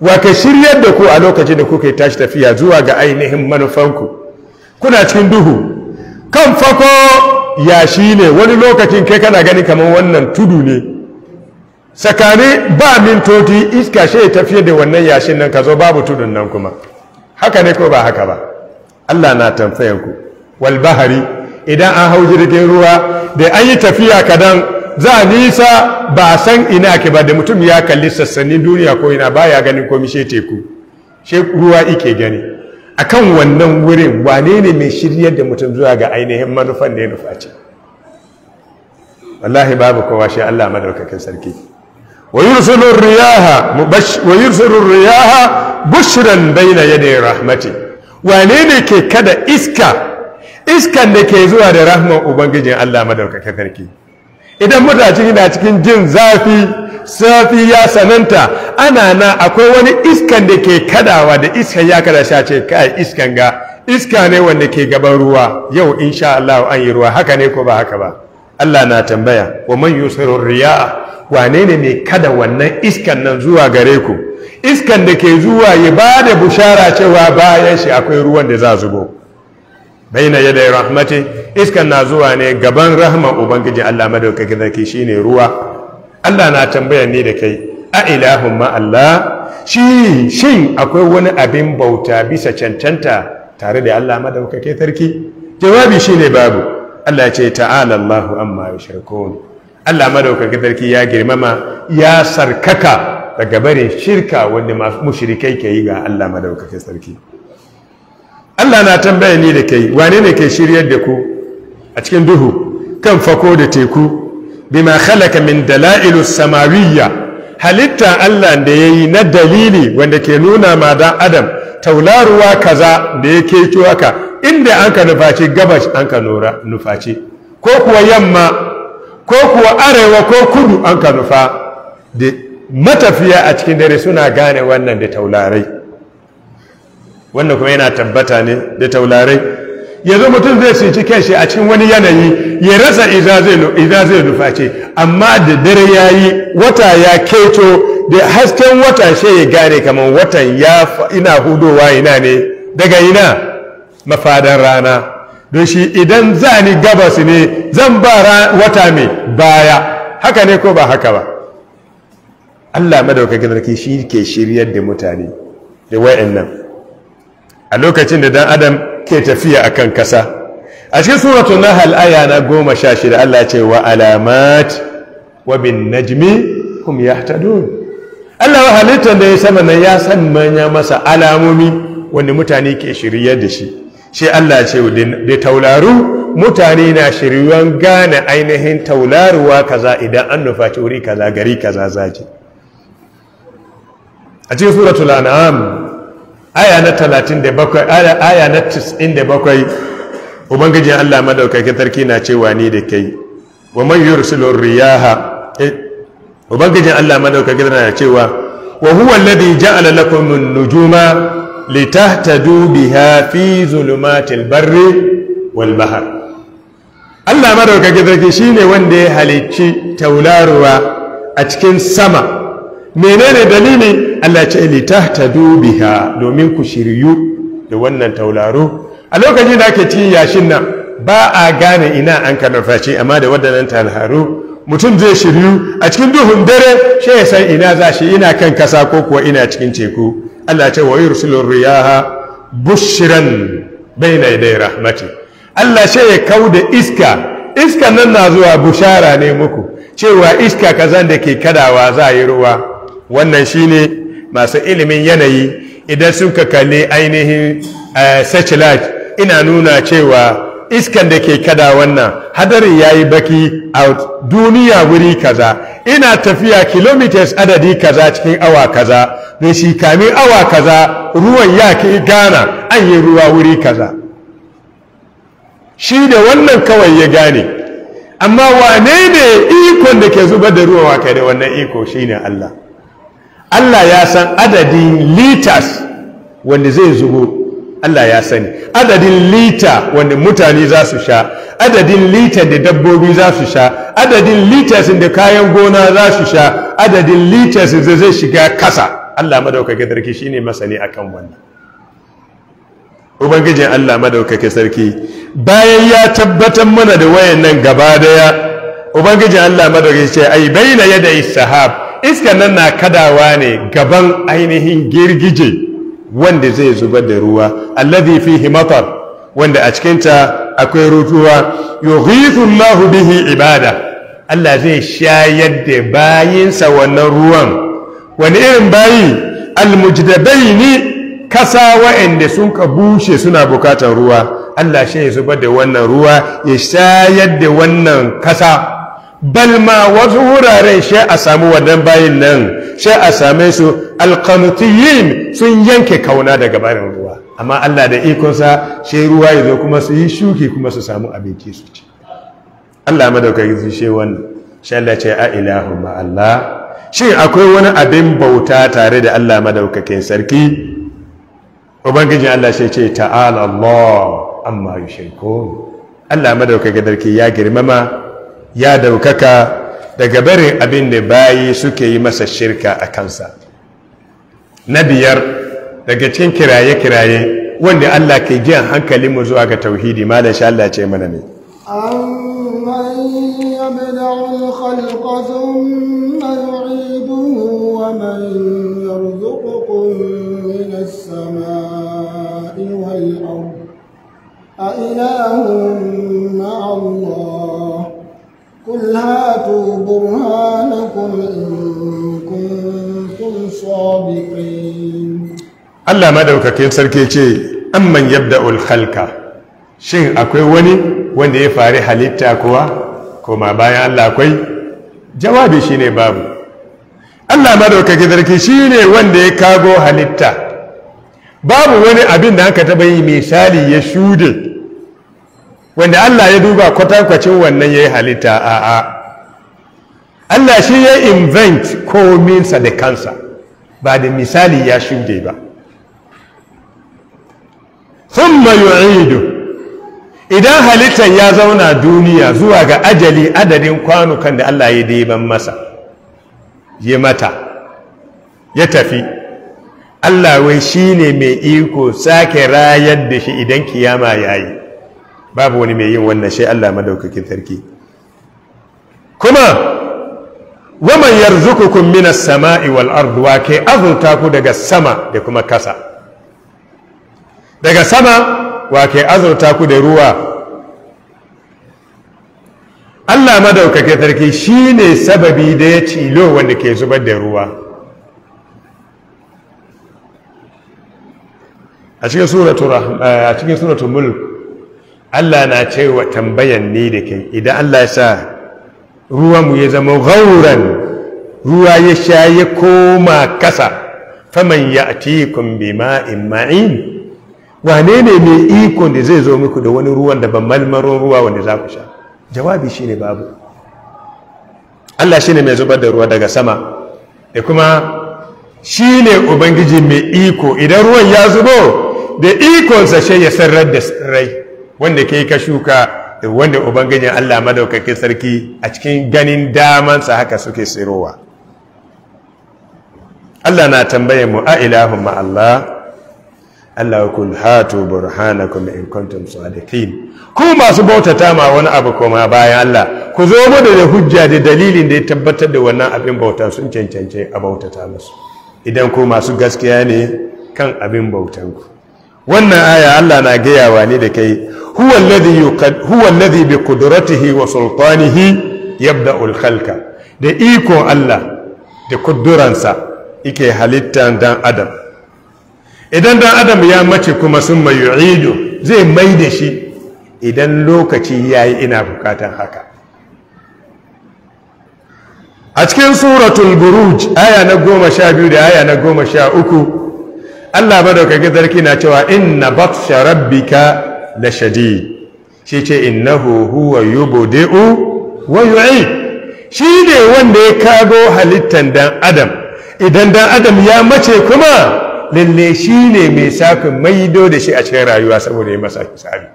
wa ka shiryar da ku a lokacin da kuka tashi tafiya zuwa ga ainihin manufanku kuna cikin duhu kan fako yashi ne wani lokacin kai kana gani kamar wannan tudu ne tsakani ba mintoti iska shi tafiye da wannan yashin nan ka zo babu tudun nan kuma haka ne ko ba haka ba Allah na tamfayan ku wal bahari idan an hau jirgin ruwa da an yi tafiya kadan za a nisa ba a san ina ke ba da mutum ya kalli sassanin duniya ko ina baya ganin komi she teku shi ruwa ike gani akan wannan wurin wane ne mai shiryar da mutum zuwa ga ainihin manufan da ya nufa ce wallahi babu kowa shi Allah madaukakin sarki wa yursilu riyaha wa yursilu riyaha bushran bayna yaday rahmati wane ne ke kada iska iskan da ke zuwa da rahman ubangijin Allah madaukakin sarki idan mutacin na cikin jin zafi safi ya sananta ana na akwai wani iskan da ke kadawa da iskan ya kada sha ce kai iskan ga iska ne wanda ke gaban ruwa yau insha Allah an yi ruwa haka ne ko ba haka ba Allah na tambaya wa man yusiru riya wane ne mai kada wannan iskan nan zuwa gare ku iskan da ke zuwa ya ba da bushara cewa bayan shi akwai ruwan da za zubo baina yadda rahmati iskan na zuwa ne gaban rahman ubangijin Allah madaukakin sarki shine ruwa Allah na tambayar ni da kai a ilahun ma Allah shi shin akwai wani abin bauta bisa cancanta tare da Allah madaukakin sarki jawabi shine babu Allah ce ta'ala Allahu amma yushrikun Allah madaukakin sarki ya girmama ya sarkaka daga barin shirka wanda mushrikai ke yi ga Allah madaukakin sarki Allah na tambayar ni da kai wane ne ke shiryar da ku a cikin duhu kan fako da teku bima khalaka min dala'ilu samawiyya halitta Allah da yayi na dalili wanda ke nuna ma dan adam taularuwa kaza da ya keto haka inda an ka nufaci gabas an ka nufaci ko kuwa yamma ko kuwa arewa ko kudu an ka nufa da matafiya a cikin dare suna gane wannan da taularai wannan kuma yana tabbata ne da taularai yanzu mutum zai cinci kanshi a cikin wani yanayi ya rasa iza zai nufaci amma da dare ya yi wata ya keto da hasken wata shi ya gane kamar watan ya ina hudowa ina ne daga ina mafadan rana don shi idan zani ni gabas ne zan ba wata mai baya haka ne ko ba haka ba allah madaukakin sarki shi ke shiryar da mutane da nan a lokacin da dan adam ke tafiya akan kasa a cikin suratun na hal'aya na goma sha shida, Allah ce wa alamat wa bin najmi ta yahtadun Allah wa halittar da ya sama nan ya san manya masa alamomi wanda mutane ke shirye da shi shi Allah ce da taularu mutane na shiryuwan gane ainihin taularuwa kaza idan an nufaci wuri kaza gari kaza zaje a cikin suratul an'am aya na 37 aya na 97 ubangijin Allah madaukakin sarki na cewa ni da kai wa man yursilu riyaha eh, ubangijin Allah madaukakin na cewa wa huwa alladhi ja'ala lakum an-nujuma litahtadu biha fi zulumatil barri wal bahr Allah madaukakin sarki shine wanda ya halicci taularuwa a cikin sama menene dalili Allah ce ta tahtadu biha domin ku shiryu da wannan tauraro a lokacin da ake cin yashin nan ba a gane ina an karfashi amma da waɗannan talharu mutum zai shiryu a cikin duhun dare shi ya san ina za shi ina kan kasa ko kuwa ina cikin teku Allah ce wa yursilur riyaha bushiran bai na idai rahmati Allah ce ya da iska iska nan na zuwa bushara ne muku cewa iska kazan da ke kadawa za a yi ruwa wannan shine masu ilimin yanayi idan suka kalli ainihin eh, satellite ina nuna cewa iskan da ke kada wannan hadarin ya yi baki a duniya wuri kaza ina tafiya kilometers adadi kaza cikin awa kaza da shi awa kaza ruwan ya ke gana an yi ruwa wuri kaza shi da wannan kawai ya gane amma wane ne ikon da ke zubar da ruwa kai da wannan iko shine Allah Allah ya san adadin liters wanda zai zubo Allah ya sani adadin lita wanda mutane za su sha adadin lita da dabbobi za su sha adadin liters da kayan gona za su sha adadin liters da zai shiga kasa Allah madaukakin sarki shine masani akan wannan ubangijin Allah madaukakin sarki bayan ya tabbatar mana da wayannan gaba daya ubangijin Allah madaukakin ce ai baina yadai sahab iskan nan na kadawa ne gaban ainihin girgije wanda zai zubar da ruwa alladhi fihi matar wanda a cikinta akwai rutuwa yughithu Allahu bihi ibada Allah zai shayar da bayinsa wannan ruwan wani irin bayi almujdabaini kasa wa'anda sun ka bushe suna bukatar ruwa Allah shi ya zubar da wannan ruwa ya shayar da wannan kasa balma wasu wuraren shi a samu wannan bayin nan shi a same su alkanutiyin sun yanke kauna daga bayan ruwa amma Allah da ikonsa shi ruwa ya zo kuma su yi shuki kuma su samu abinci su ci Allah madaukaki zai shi wani shi Allah ce a ilahun ma Allah shi akwai wani abin bauta tare da Allah madaukakin sarki ubangijin Allah shi ce ta'ala Allah amma yushirkun Allah madaukaki darki ya girmama ya daukaka daga barin abin da bayi suke yi masa shirka a kansa na biyar daga cikin kiraye-kiraye wanda Allah ke hankali mu zuwa ga tauhidi malam sha Allah ce mana ne أإله مع ma'amma قل هاتوا برهانكم إن كنتم صادقين الله ما دوك كين سركي amman yabda'ul halka shin akwai wani وني ya fari halitta kuwa koma bayan Allah akwai jawabi shine babu Allah madaukaki sarki shine wanda ya kago halitta babu wani abin da aka taba yi misali ya shude wanda Allah ya duba kwatankwacin wannan ya yi halitta a a Allah shi ya invent kominsa da kansa ba da misali ya shude ba sun yu'idu idan halittar ya zauna duniya zuwa ga ajali adadin kwanukan da Allah ya deban masa ya mata ya tafi Allah wai shi ne mai iko sake rayar da shi idan kiyama ya yi babu wani mai yin wannan shi Allah madaukakin sarki kuma waman yarzukukum minas sama'i wal ard wa ke azurta ku daga sama da kuma kasa daga sama wa ke azurta ku da ruwa Allah madaukakin sarki shine sababi da ya cilo wanda ke zubar da ruwa a cikin suratul mulk Allah na cewa tambayan ne da kai idan Allah ya sa ruwanmu ya zama gauran ruwa ya sha ya koma kasa faman ya atikun bi ma'in ma'in wane ne mai ikon da zai zo muku da wani ruwan da ban malmaron ruwa wanda za ku sha jawabi shi ne babu Allah shi ne mai zubar da ruwa daga sama da kuma shi ne ubangiji mai iko idan ruwan ya zubo da ikonsa shi ya sarrar da rai wanda ke ka shuka wanda ubangijin Allah madaukakin sarki a cikin ganin damansa haka suke sirowa. Allah na tambaye mu a ilahun ma Allah Allah kun hatu burhanakum in kuntum sadiqin ku masu bautata ma wani abu kuma bayan Allah ku zo mu da hujja da dalilin da ya tabbatar da wannan abin bautan sun cancance a bautata musu idan ku masu gaskiya ne kan abin ku. wannan aya Allah na gayawa ne da kai huwa alladhi bi qudratihi wa sultanihi yabda'ul khalqa da iko Allah da kuduransa yake halittan dan adam idan dan adam ya mace kuma sun mai yu'idu zai mai da shi idan lokaci ya yi ina bukatan haka a cikin suratul buruj aya na goma sha biyu da aya na goma sha uku Allah madaukakin sarki na cewa inna batsha rabbika la shadi. shi ce innahu huwa yubdi'u wa yu'id shi ne wanda ya kago halittan dan adam idan dan adam ya mace kuma lalle shi ne mai sakin maido da shi a cikin rayuwa saboda ya masa hisabi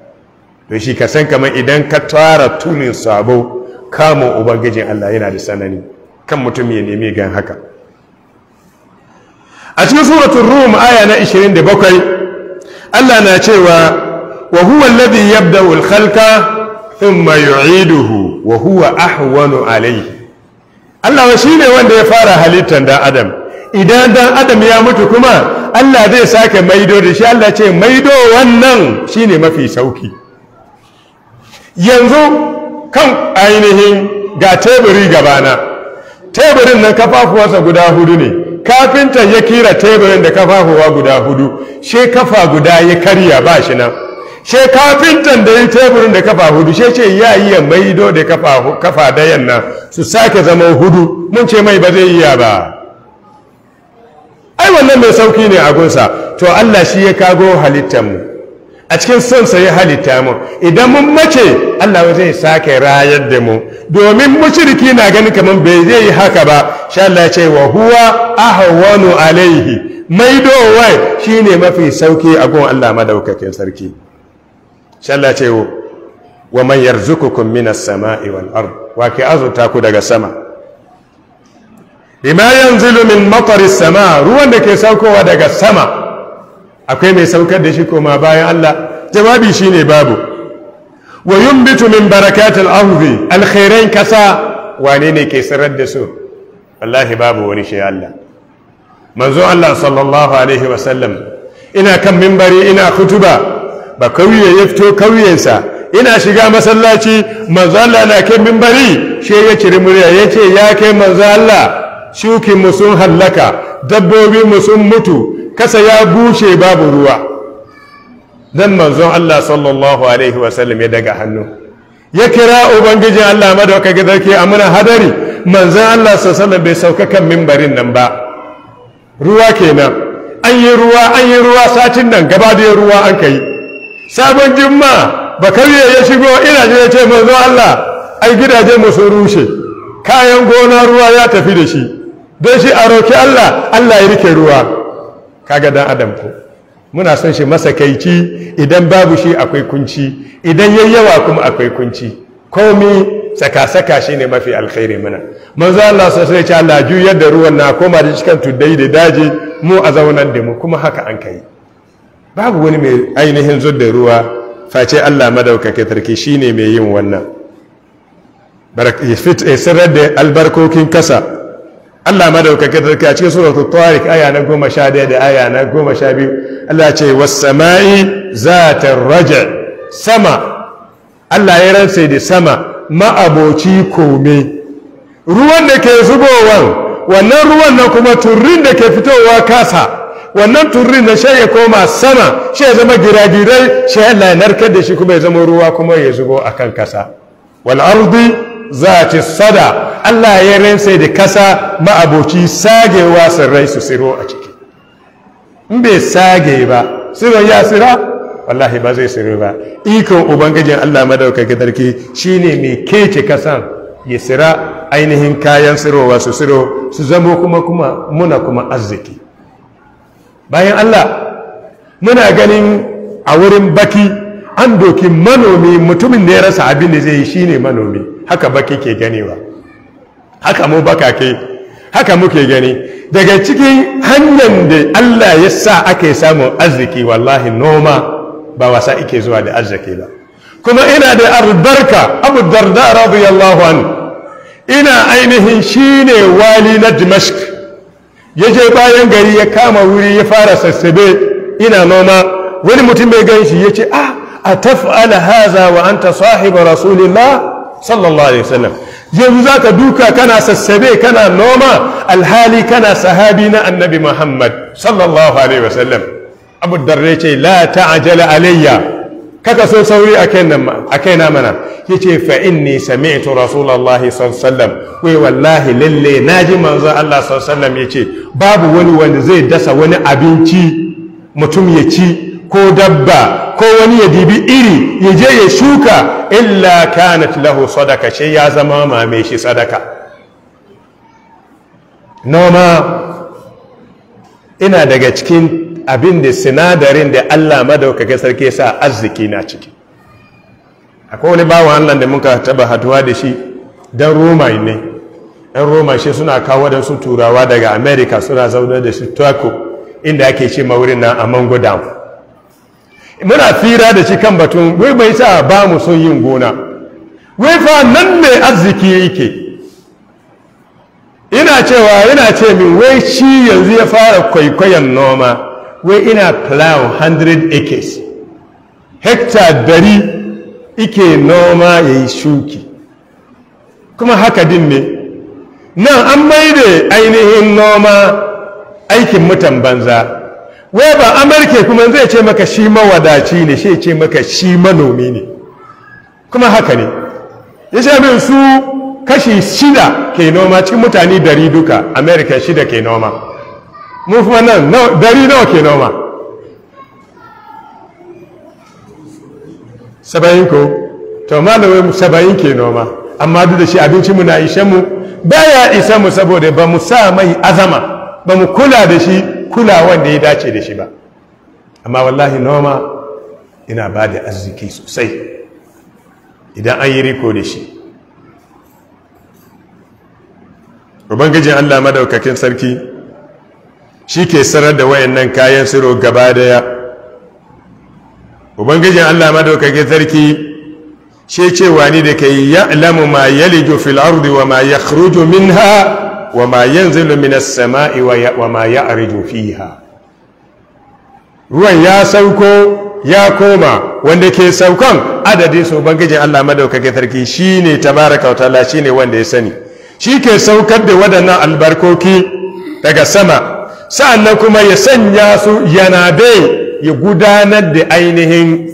to shi ka san kamar idan ka tara tunin sabo kamun ubangijin Allah yana da sanani kan mutum ya nemi gan haka a cikin suratun rum aya na 27 Allah na cewa wa huwa alladhi yabda'u al-khalqa thumma yu'iduhu wa huwa ahwanu alayhi Allah shine wanda ya fara halittar dan adam idan dan adam ya mutu kuma Allah zai sake maido da shi Allah ce maido wannan shine mafi sauki yanzu kan ainihin ga teburi gabana teburin nan kafafuwansa guda hudu ne Kafintan ya kira teburin da kafafuwa guda hudu she kafa guda ya karya ba shi nan she kafintan da ya teburin da kafa hudu she ce ya yi ya maido da kafa dayan nan su sake zama hudu mun ce mai ba zai iya ba ai wannan mai sauki ne a gunsa to Allah shi ya kago halittar a cikin son sa ya halitta mu idan mun mace Allah zai sake rayar da mu domin mushriki na gani kamar bai zai yi haka ba sha Allah ya ce wa huwa ahwanu alaihi maidowa shine mafi sauki a gon Allah madaukakin sarki sha Allah ya ce wa man yarzukukum minas sama'i wal ard wa ki azuta ku daga sama bima yanzilu min matari sama ruwan da ke saukowa daga sama akwai mai saukar da shi koma bayan Allah jawabi shine babu wa yunbitu min barakatil ardi alkhairan kasa wane ne ke sarar da su wallahi babu wani shi Allah manzo Allah sallallahu alaihi wa sallam ina kan mimbari ina khutuba ba kauye ya fito kauyensa ina shiga masallaci manzo Allah na kan minbari Shi ya ciri murya yace ya kai manzo Allah shukin mu sun hallaka dabbobi mu sun mutu kasa ya bushe babu ruwa dan manzon Allah sallallahu alaihi wasallam ya daga hannu ya kira ubangijin Allah ga sarki a muna hadari manzon Allah sallallahu bai sauka kan mimbarin nan ba ruwa kenan an yi ruwa an yi ruwa satin nan gaba da ruwa an ka yi. sabon jimma bakariya ya shigo ina je ya ce manzon Allah ai gidaje mu sun rushe kayan gona ruwa ya tafi da shi don shi a roki Allah Allah ya rike ruwa kaga dan adam ko muna son shi masakaici idan babu shi akwai kunci idan yayyawa kuma akwai kunci komi saka-saka shi ne mafi alkhairi muna manzo Allah sai sai ce Allah juyar da ruwan na koma da cikin tuddai da daji mu a zaunan da mu kuma haka an kai babu wani mai ainihin zud da ruwa face Allah madaukake tarki shine mai yin wannan barak fit sirrar da albarkokin kasa Allah ma madaukakin sarki a cikin suratul tariq aya na 11 da aya na 12 Allah ce was-sama'i zatar raja sama Allah ya rantse da sama ma'aboci kome ruwan da ke zubowa wannan ruwan na kuma turrin da ke fitowa kasa wannan turrin na shi koma sama shi ya zama giragirai shi Allah ya narkar da shi kuma ya zama ruwa kuma ya zubo akan kasa wal ardi zati sada Allah ya rinsa da kasa ma'aboci sagewa sirrai su siro a ciki in bai sage ba siro ya sira wallahi ba zai siro ba ikon ubangijin allah madaukakin darki shine mai kece kasan ya sira ainihin kayan sirowa su siro su zamo kuma kuma muna kuma arziki bayan allah muna ganin a wurin baki an doki manomi mutumin da ya rasa abin da zai yi shine manomi haka baki ke ganewa haka mu ke haka muke gani daga cikin hanyar da Allah ya sa ake samun arziki wallahi noma ba wasa ike zuwa da arziki ba kuma ina da albarka abu darda radiyallahu an ina ainihin shine wali na dimashq ya je bayan gari ya kama wuri ya fara sassabe ina noma wani mutum gan shi ya ce ah, a ala haza wa anta sahiba rasulillah sallallahu alaihi wasallam yanzu zaka duka kana sassabe kana noma alhali kana sahabi na annabi muhammad sallallahu alaihi wasallam abu darre ce la ta'jala alayya kaka so sauri akan nan akai na mana yace fa inni sami'tu rasulullahi sallallahu alaihi wasallam wai wallahi lalle naji manzo Allah sallallahu alaihi wasallam yace babu wani wani zai dasa wani abinci mutum ya ci ko dabba ko wani ya dibi iri ya je ya shuka illa kanat lahu sadaka shi ya zama mai shi sadaka noma ina daga cikin abin da sinadarin da Allah madaukake sarki sa arziki na ciki akwai wani bawan Allah da muka taba haduwa da shi dan Roma ne yan Roma shi suna kawo da su turawa daga America suna zaune da shi inda ake ce mawurin nan a man muna fira da shi kan batun wai bai sa ba mu son yin gona wai fa nan ne arziki yake ina cewa yana ce min wai shi yanzu ya fara kwaikwayon noma wai ina plow 100 acres hekta dari ike noma ya yi shuki kuma haka din ne nan an bai da ainihin noma aikin mutan banza wai ba amurke kuma zai ce maka shi mawadaci ne shi ce maka shi manomi ne kuma haka ne ya ce min su kashi shida ke noma cikin mutane dari duka amerika shida ke noma mun kuma nan dari nawa ke noma saba'in ko to malawai saba'in ke noma amma duk da shi abincinmu na ishe mu baya isa mu saboda ba mu sa mai azama ba mu kula da shi kulawan da ya dace da shi ba amma wallahi noma ina ba da arziki sosai idan an yi riko da shi ubangijin allah madaukakin sarki shi ke sarar da wayannan kayan siro gaba daya ubangijin allah madaukakin sarki shi cewa ni da ka yi ya'lamu ma yalijo fil wa ma min minha wa ma zilu minas sama'i wa ma ya ya'riju fiha ruwan ya sauko ya koma wanda ke saukon adadin su bangijin Allah madaukakin sarki shine kautala shi ne wanda ya sani shi ke saukar da waɗannan albarkoki daga sama na kuma ya sanya su yana dai ya gudanar da ainihin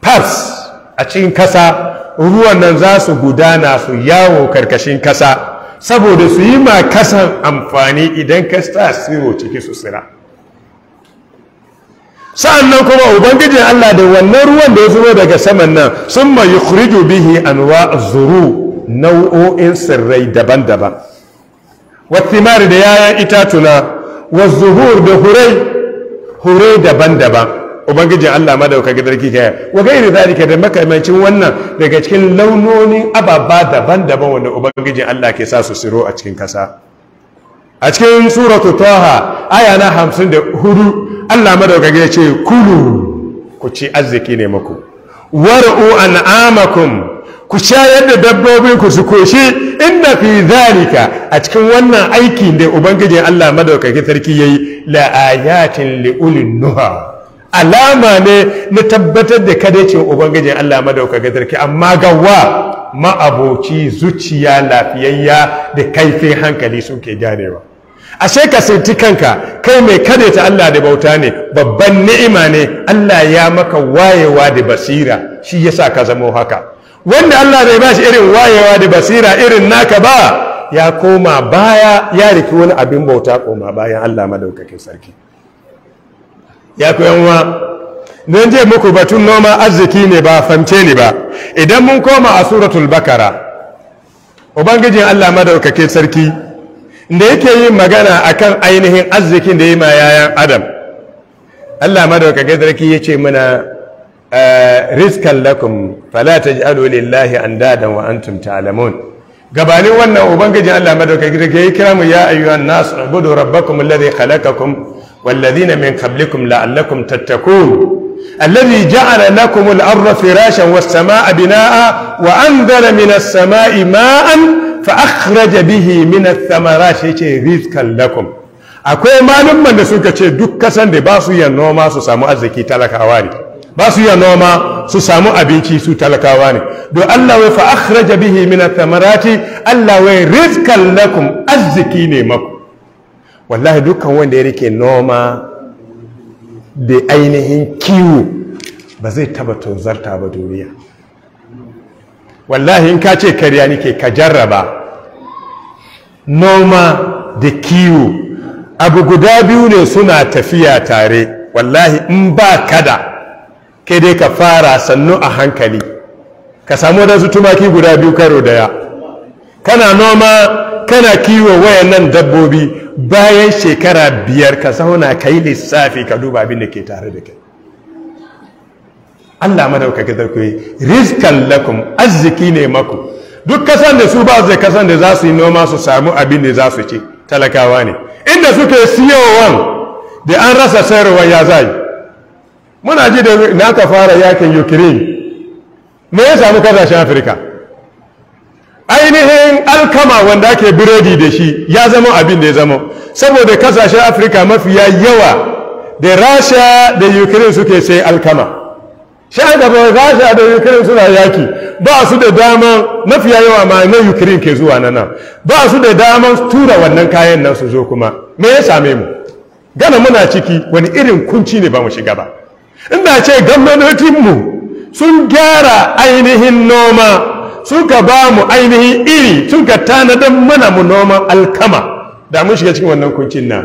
pass a cikin ƙasa, ruwan nan za su gudana su yawo karkashin ƙasa. saboda su yi ma kasan amfani idan ka sa siro ciki su sira sa'annan kuma ubangijin Allah da wannan ruwan da ya zuwa daga saman nan sun ma yukhriju bihi anwa zuru nau'o'in sirrai daban-daban wa da yayan itatuna wa zuhur da hurai hurai daban-daban ubangiji Allah madaukakin sarki kaya wa gairi zalika da makamancin wannan daga cikin launoni ababa daban-daban wanda ubangijin Allah ke sa su siro a cikin kasa a cikin suratu taha aya na 54 Allah dauka ya ce kulu ku ci arziki ne muku war'u an'amakum ku shayar da dabbobin ku su koshi inda fi zalika a cikin wannan aikin da ubangijin Allah madaukakin sarki yayi la ayatin li alama ne na tabbatar da ce ubangijin Allah ga sarki amma ga gawa ma'aboci zuciya lafiyayya da kaifin hankali suke janewa ashe ka sinti kanka kai mai ta Allah da bauta ne babban ni'ima ne Allah ya maka wayewa da basira shi yasa ka zamo haka wanda Allah bai bashi irin wayewa da basira irin naka ba ya koma baya ya riki wani abin bauta koma bayan Allah madaukakin sarki ya ku yanwa don je muku batun noma arziki ne ba famce ne ba idan mun koma a suratul bakara ubangijin allah madaukake sarki da yake yin magana akan ainihin arzikin da ya ma yayan adam allah madaukake sarki ya ce muna eh, rizkan lakum fala taj'alu lillahi andadan wa antum ta'lamun gabanin wannan ubangijin allah madaukake sarki ya kira mu ya ayyuhan nas ubudu rabbakum alladhi khalaqakum والذين من قبلكم لعلكم تتقون الذي جعل لكم الأرض فراشا والسماء بناء وأنزل من السماء ماء فأخرج به من الثمرات رزقا لكم akwai malumman da suka ce duk kasan da ba su iya noma su samu arziki talakawa ne ba su iya noma su samu abinci su talakawa ne don Allah wai fa akhraja bihi min ath-thamarati Allah wai rizqan lakum arziki ne maku wallahi dukkan wanda ya rike noma da ainihin kiwo ba zai taba tozarta ba duniya wallahi in ka ce karya nike ka jarraba noma da kiwo abu guda biyu ne suna tafiya tare wallahi in ba kada kai dai ka fara sannu a hankali ka samu wadansu tumaki guda biyu karo daya kana noma kana kiwo wayannan dabbobi bayan shekara biyar ka zauna ka yi lissafi ka duba abin da ke tare da kai Allah madaukaka da kuyi rizkan lakum arziki ne maku duk kasan da su ba zai kasan da za su yi noma su samu abin da za su ci talakawa ne inda suke siyowan da an rasa sayarwa ya zai muna ji da naka fara yakin ukraine me ya samu kasashen afirka ainihin alkama wanda ake biredi da shi ya zama abin da ya zama saboda kasashen afirka mafiya yawa da rasha da ukraine suke sai alkama sha gaba rasha da ukraine suna yaki ba su da daman mafiya yawa ma na ukraine ke zuwa na nan ba su da daman tura wannan kayan nan su zo kuma me ya same mu gana muna ciki wani irin kunci ne ba mu shiga ba ina ce gwamnatocinmu sun gyara ainihin noma suka ba mu ainihin iri suka tanadar mana mu noman alkama da mun shiga cikin wannan kuncin nan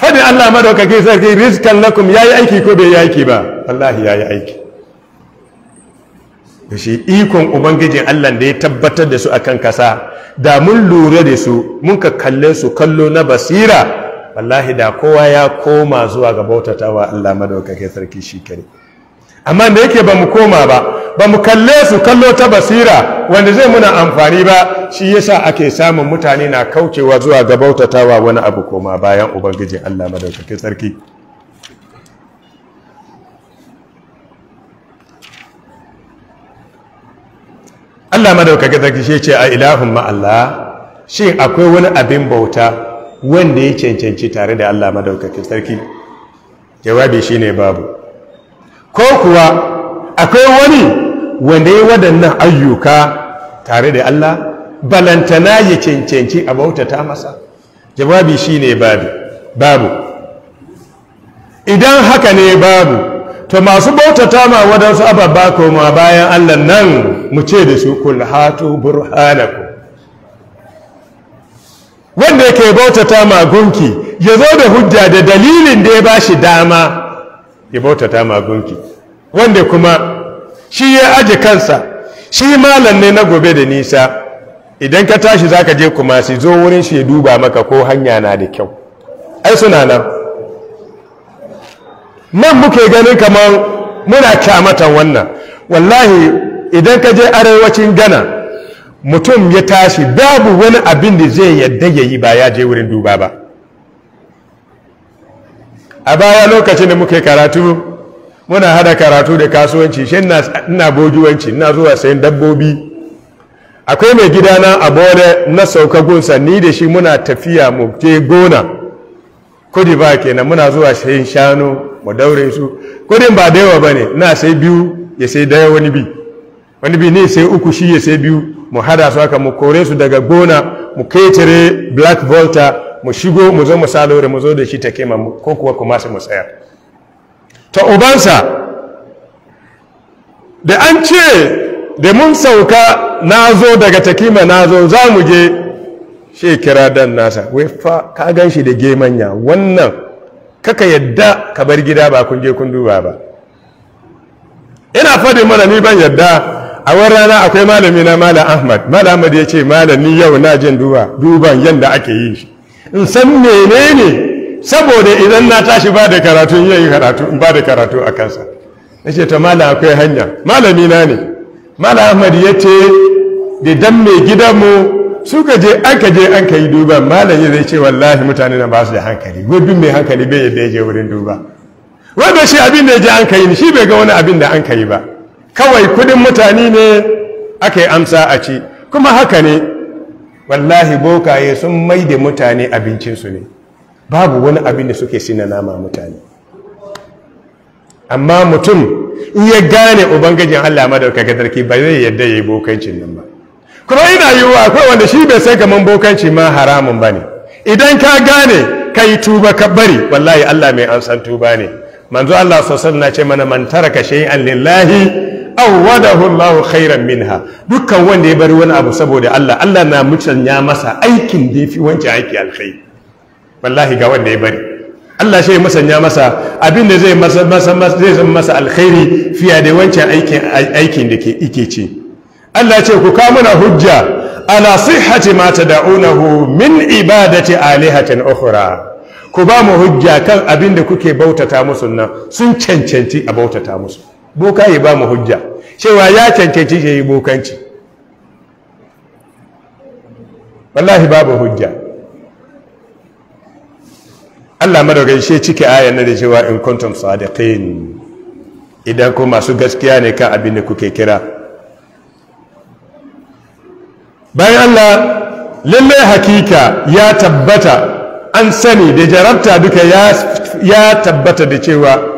fadin Allah madaukakin sarki rizkan lakum yayi aiki ko bai yi aiki ba wallahi yayi aiki da shi ikon ubangijin Allah da ya tabbatar da su akan kasa da mun lura da su mun ka kalle su kallo na basira wallahi da kowa ya koma zuwa ga bautatawa Allah madaukakin sarki shi kare amma da yake ba mu koma ba ba mu kalle su kallo ta basira wanda zai muna amfani ba shi yasa ake samun mutane na kaucewa zuwa ga bautatawa wani abu koma bayan ubangiji Allah madaukake sarki Allah madaukake sarki shi ce a ilahun Allah shi akwai wani abin bauta wanda ya cancanci tare da Allah madaukake sarki jawabi shine babu ko kuwa akwai wani wanda ya waɗannan ayyuka tare da Allah balantana ya cancanci a bautata masa jawabi shi babu babu idan haka ne babu to masu bautata ma waɗansu ababba koma bayan Allah nan mu ce da su kulhatu, hatu wanda yake bautata ma gunki ya zo da hujja da dalilin da ya shi dama ya bautata magunki wanda kuma shi ya ajiye kansa shi malam ne na gobe da nisa idan ka tashi zaka je kuma zo wurin shi ya duba maka ko hanya na da kyau ai suna nan nan muke ganin kamar muna kyamatan wannan wallahi idan ka je arewacin gana mutum ya tashi babu wani abin da zai yadda ya yi ba ya je wurin duba ba a baya lokacin da muke karatu muna hada karatu da kasuwanci shi ina bojuwanci ina zuwa sayan dabbobi akwai mai gida a bore na sauka gunsa ni da shi muna tafiya mu je gona kudi ba kenan muna zuwa sayan shanu mu daure su kudin ba da yawa ne na sai biyu ya sai daya wani bi wani bi ne sai uku shi ya sai biyu mu hada su haka mu kore su daga gona mu ketare black volta mu shigo mu zo mu salore mu zo da shi ta kema ko kuwa kuma su mu tsaya ta ubansa da an ce da mun sauka na zo daga takima na zo za mu je shi kira dan nasa wai fa ka gan shi da gemanya wannan kaka yadda ka bar gida ba kun je kun duba ba ina fadi mana ni ban yadda a wani rana akwai malami na malam ahmad malam ahmad ya ce malam ni yau na jin duba duban yadda ake yi shi in san menene saboda idan na tashi ba da karatu yin yi karatu in ba da karatu a kansa na ce ta malam akwai hanya malami na ne malam ahmad ya ce da dan mai gidanmu suka je an ka je an ka yi duba malam ya zai ce wallahi mutane na ba su da hankali gobin mai hankali bai yadda ya je wurin duba wanda shi abin da ya je an ka yi shi bai ga wani abin da an ka yi ba kawai kudin mutane ne aka yi amsa a ci kuma haka ne wallahi bokaye sun mai da mutane abincinsu ne babu wani abin da suke sina nama mutane amma mutum in ya gane ubangajin allah ga sarki ba zai yadda ya yi bokancin nan ba kuma ina yiwuwa akwai wanda shi bai sai kamar bokanci ma haramun ba ne idan ka gane ka yi tuba ka bari wallahi allah mai an san tuba ne manzo allah sosai na ce mana man taraka shay'an lillahi awwadahu Allahu khairan minha dukkan wanda ya bari wani abu saboda Allah Allah na mucanya masa aikin da yafi wancan aiki alkhairi wallahi ga wanda ya bari Allah shi musanya masa abin da zai masa zai zama masa alkhairi fiye da wancan aikin aikin da ke ike ce Allah ce ku kawo mana hujja ala sihhati ma tad'unahu min ibadati alihatin ukhra ku ba mu hujja kan abin da kuke bautata musu nan sun cancanci a bautata musu boka ya ba mu hujja cewa ya cancanci ya yi bokanci wallahi babu hujja Allah madaukai shi cike ayan na da cewa in kuntum sadiqin idan ko masu gaskiya ne kan abin da kuke kira bayan Allah lallai hakika ya tabbata an sani da jarabta duka ya tabbata da cewa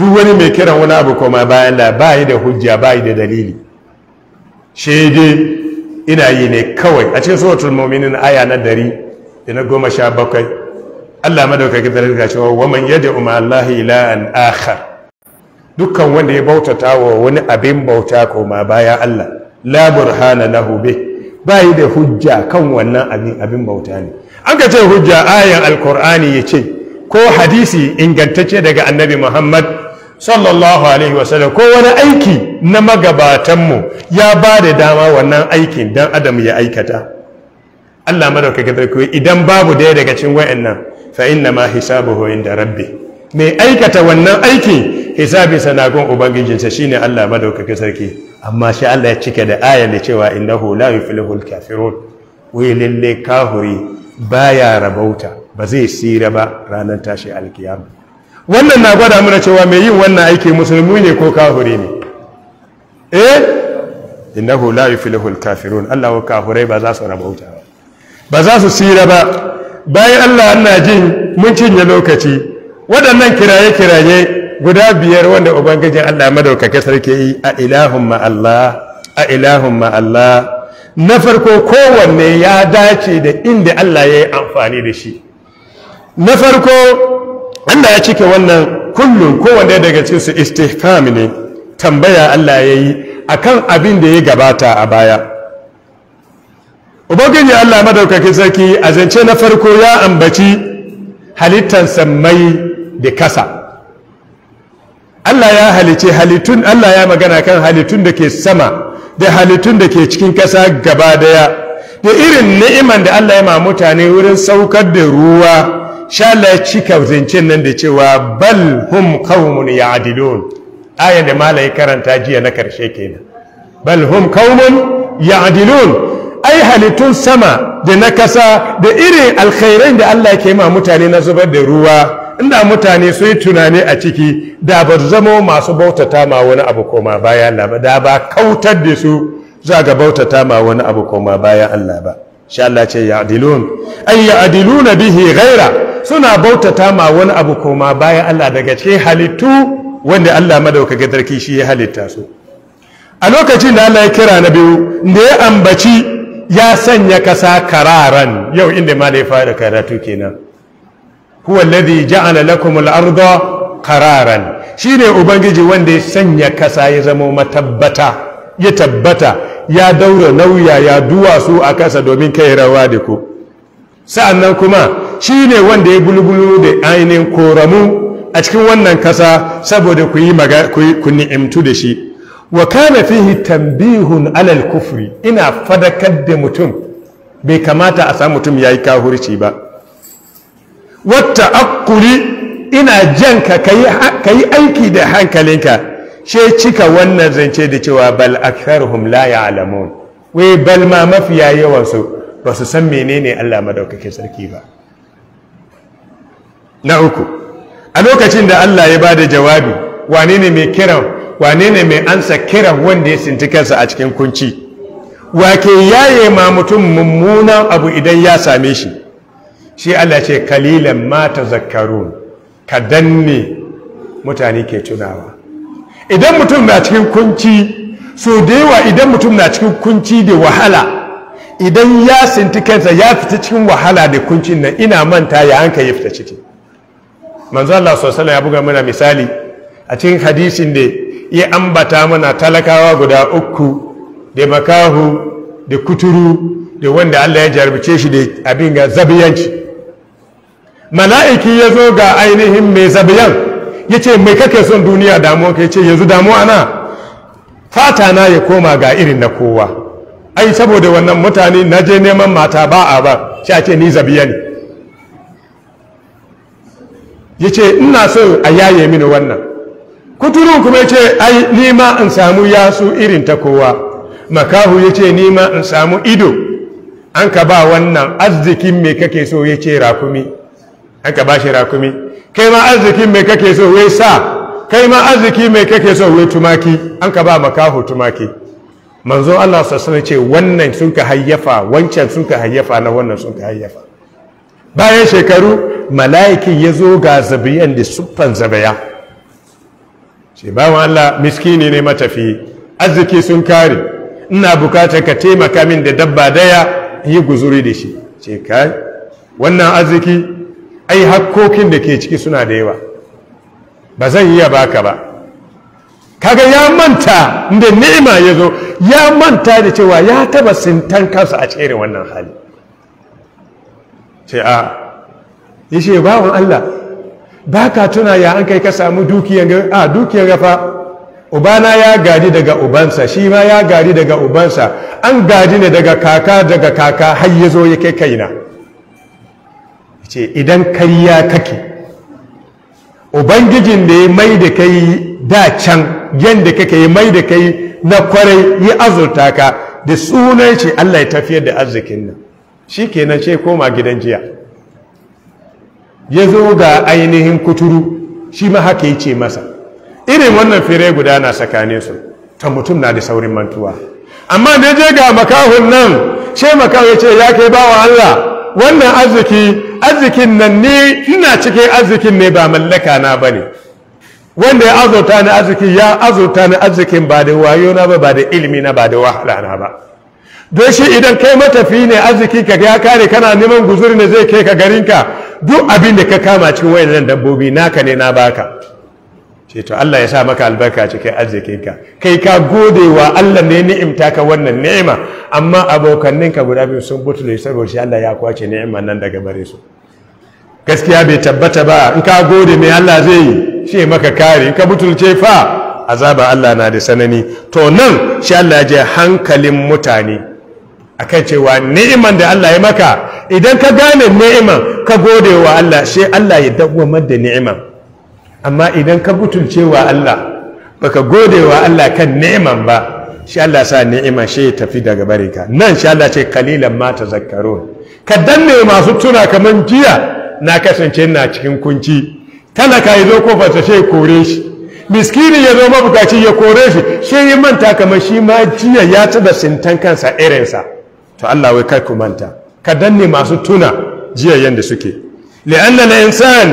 duk wani mai kiran wani abu koma bayan da bayi da hujja bayi da dalili shede ina yi ne kawai a cikin suratul mu'minin aya na dari da na goma sha bakwai Allah madaukakin sarki ga cewa wa man yadda umar Allah an akhar dukkan wanda ya bautata wa wani abin bauta koma bayan Allah la burhana lahu Ba bayi da hujja kan wannan abin abin bauta ne an ka ce hujja ayan alkur'ani ya ce ko hadisi ingantacce daga annabi muhammad sallallahu alaihi wasallam ko wani aiki na magabatanmu ya ba da dama wannan aikin dan adam ya aikata Allah madaukakin sarki idan babu daya daga cikin wayannan fa inna ma hisabuhu inda rabbi mai aikata wannan aiki hisabi sanagon ubangijin ubangijinsa shine Allah madaukakin sarki amma shi Allah ya cike da aya da cewa innahu la yuflihul kafirun wai lalle kahuri baya rabauta ba zai sira ba ranar tashi alkiyama wannan na gwada mana cewa mai yin wannan aiki musulmi ne ko kafiri ne eh innahu la yuflihu al-kafirun Allah wa kafirai ba za su rabauta ba ba za su sira ba bayan Allah ana jin mun cinye lokaci waɗannan kiraye kiraye guda biyar wanda ubangijin Allah madaukake sarki yi a ilahun ma Allah a ilahun ma Allah na farko kowanne ya dace da inda Allah ya yi amfani da shi na farko Allah ya cike wannan kullum kowanne daga cikin su istihkam ne tambaya Allah ya yi a kan abin da ya gabata a baya ubangiji Allah madaukakin sarki a zance na farko ya ambaci halittan samai da kasa Allah ya halice halittun Allah ya magana kan halittun da ke sama da halittun da ke cikin kasa gaba daya da irin ni'iman da Allah ya ma mutane wurin saukar da ruwa sha Allah ya cika zancen nan da cewa bal hum qaumun ya'dilun ayan da malai karanta jiya na karshe kenan bal hum qaumun ya'dilun ai halittun sama da na kasa da irin alkhairai da Allah ke ma mutane na zubar da ruwa inda mutane su yi tunani a ciki da ba su zama masu bautata ma wani abu koma baya Allah ba da ba kautar da su za ga bautata ma wani abu koma baya Allah ba sha Allah ce ya'dilun ay ya'diluna bihi ghaira suna bautata ma wani abu koma bayan Allah daga cikin halittu wanda Allah madauka gadarki shi ya halitta su a lokacin da Allah ya kira na biyu da ya ambaci ya sanya kasa kararan yau inda ma ya fara karatu kenan huwa alladhi ja'ala lakum al-ardha qararan shine ubangiji wanda ya sanya kasa ya zama matabbata ya tabbata ya daura nauya ya duwatsu a kasa domin kai rawa da ku sa'annan kuma shi ne wanda ya bulbulu da ainihin koramu a cikin wannan kasa saboda ku yi ni'imtu da shi wa kana fihi tambihun alal kufri ina fadakar da mutum bai kamata a samu mutum yayi kahurci ba wata akuri ina janka yi aiki da hankalinka she cika wannan zance da cewa bal aktharuhum la ya'lamun wai bal ma mafiya yawansu ba su san menene Allah madaukakin sarki ba na uku a lokacin da Allah ya bada jawabi wane ne mai kiran wane ne mai ansa kiran wanda ya sinti kansa a cikin kunci wake yaye ma mutum mummunan abu idan ya same shi shi Allah ce kalilan mata tazakkarun ka ne mutane ke tunawa idan mutum na cikin kunci so da yawa idan mutum na cikin kunci da wahala idan ya sinti kansa ya fita cikin wahala da kuncin nan ina manta ya hanka ya fita ciki manzo Allah sallallahu ya buga mana misali a cikin hadisin da ya ambata mana talakawa guda uku da makahu da kuturu da wanda Allah ya jarbice shi da abin ga zabiyanci mala'iki yazo ga ainihin mai zabiyan yace mai kake son duniya damuwa ka ce yanzu damuwa na fata na ya koma ga irin na kowa ai saboda wannan mutane na je neman mata ba a ba shi a ce ni zabiya ne ya ce ina son a yaye mini wannan kuturu kuma ya ce ai nima in samu yasu irin ta kowa makahu ya ce nima in samu ido an ka ba wannan arzikin mai kake so ya ce rakumi an ka ba shi rakumi kai ma arzikin mai kake so wai sa kai ma arziki mai kake so wai tumaki an ka ba makahu tumaki manzon Allah sassan ce wannan sun ka hayyafa wancan sun ka hayyafa na wannan sun ka hayyafa bayan shekaru mala'ikin ya zo ga zabiyan da sufan zabaya ce bawan Allah miskini ne matafi arziki sun kare ina bukatar ka taimaka min da dabba daya yi guzuri da shi ce kai wannan arziki ai hakkokin da ke ciki suna da yawa ba zan iya baka ba kaga ya manta da ni'ima ya zo ya manta da cewa ya taba sintan kansa a tsere wannan hali ce a ya ce bawan Allah ba ka tuna ya an kai ka samu dukiyar a dukiyar gafa ubana ya gadi daga ubansa shi ma ya gadi daga ubansa an gadi ne daga kaka daga kaka har ya zo ya kai kaina ce idan kai ya kake ubangijin da ya mai da kai da can yadda kake ya mai da kai na kwarai yi azurta ka da sunan shi Allah ya tafiyar da arzikin nan shi kenan ce koma gidan jiya ya zo ga ainihin kuturu shi ma haka ya ce masa irin wannan fere guda na tsakaninsu ta mutum na da saurin mantuwa amma da je ga makahun nan she makahu ya ce ya kai bawa Allah wannan arziki arzikin nan ne ina cikin arzikin ne ba mallaka na bane wanda ya azurta ni arziki ya azurta ni arzikin ba da wayo na ba ba da ilimi na ba da wahala na ba don shi idan kai matafi ne arziki ka ya kare kana neman guzuri ne zai kai ka garinka duk abin da ka kama cikin wayan nan dabbobi naka ne na baka ce to Allah ya sa maka albarka cikin arzikinka kai ka gode wa Allah ne ni'imta ka wannan ni'ima amma abokanninka guda biyu sun butule saboda shi Allah ya kwace ni'ima nan daga bare su gaskiya bai tabbata ba in ka gode mai Allah zai yi shi maka kare in ka butulce fa azaba Allah na da sanani to nan shi Allah ya je hankalin mutane akan cewa ni'iman da Allah ya maka idan ka gane ni'iman ka gode wa Allah shi Allah ya dawwamar da ni'iman amma idan ka gutunce wa Allah baka gode wa Allah kan ni'iman ba shi Allah sa ni'ima shi ya tafi daga barika nan shi Allah ce kalilan ma tazakkarun ka danne masu tuna kaman jiya na kasance na cikin kunci talaka ya zo ko ta sai kore shi miskini ya zo mabukaci ya kore shi shi ya manta kamar shi ma jiya ya taba sintan kansa irinsa to Allah wai kai ku manta ka danne masu tuna jiyayyen da suke li'anna al-insan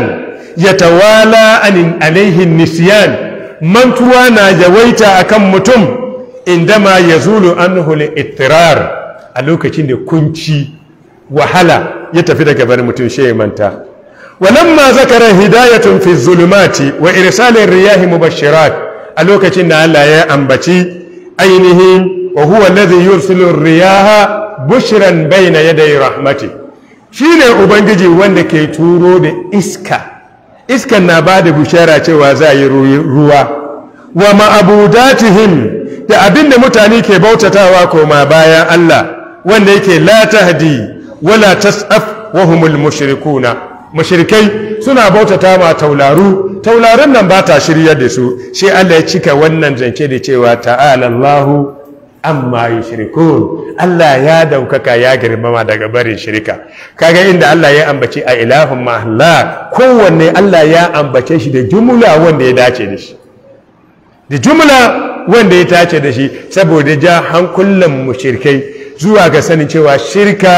yatawala an alaihi nisyan mantuwa na yawaita akan mutum indama yazulu anhu al-ittirar a lokacin da kunci wahala ya tafi daga bari mutum shi manta walamma zakara hidayatun fi zulumati wa irsalin riyahi mubashirat a lokacin da Allah ya ambaci ainihin wa huwa alladhi yursilu riyaha bushran bayna yi rahmati Shi ne ubangiji wanda ke turo da iska iskan na ba da bushara cewa za a yi ruwa wa ma'abudatihim da abinda mutane ke bautatawa koma bayan Allah wanda yake lata hadi wala tas'af wa mushrikuna mushrikai suna bautata ma taularu taularun nan ba ta shiryar da su sai Allah ya cika wannan zance da cewa ta'ala Allahu amma yi shirikun Allah ya daukaka ya girmama daga barin shirika kaga inda Allah ya ambace a ilahun mahalla kowanne Allah ya ambace shi da jumla wanda ya dace da shi da jumla wanda ya dace da shi saboda ja hankulan mushrikai zuwa ga sanin cewa shirka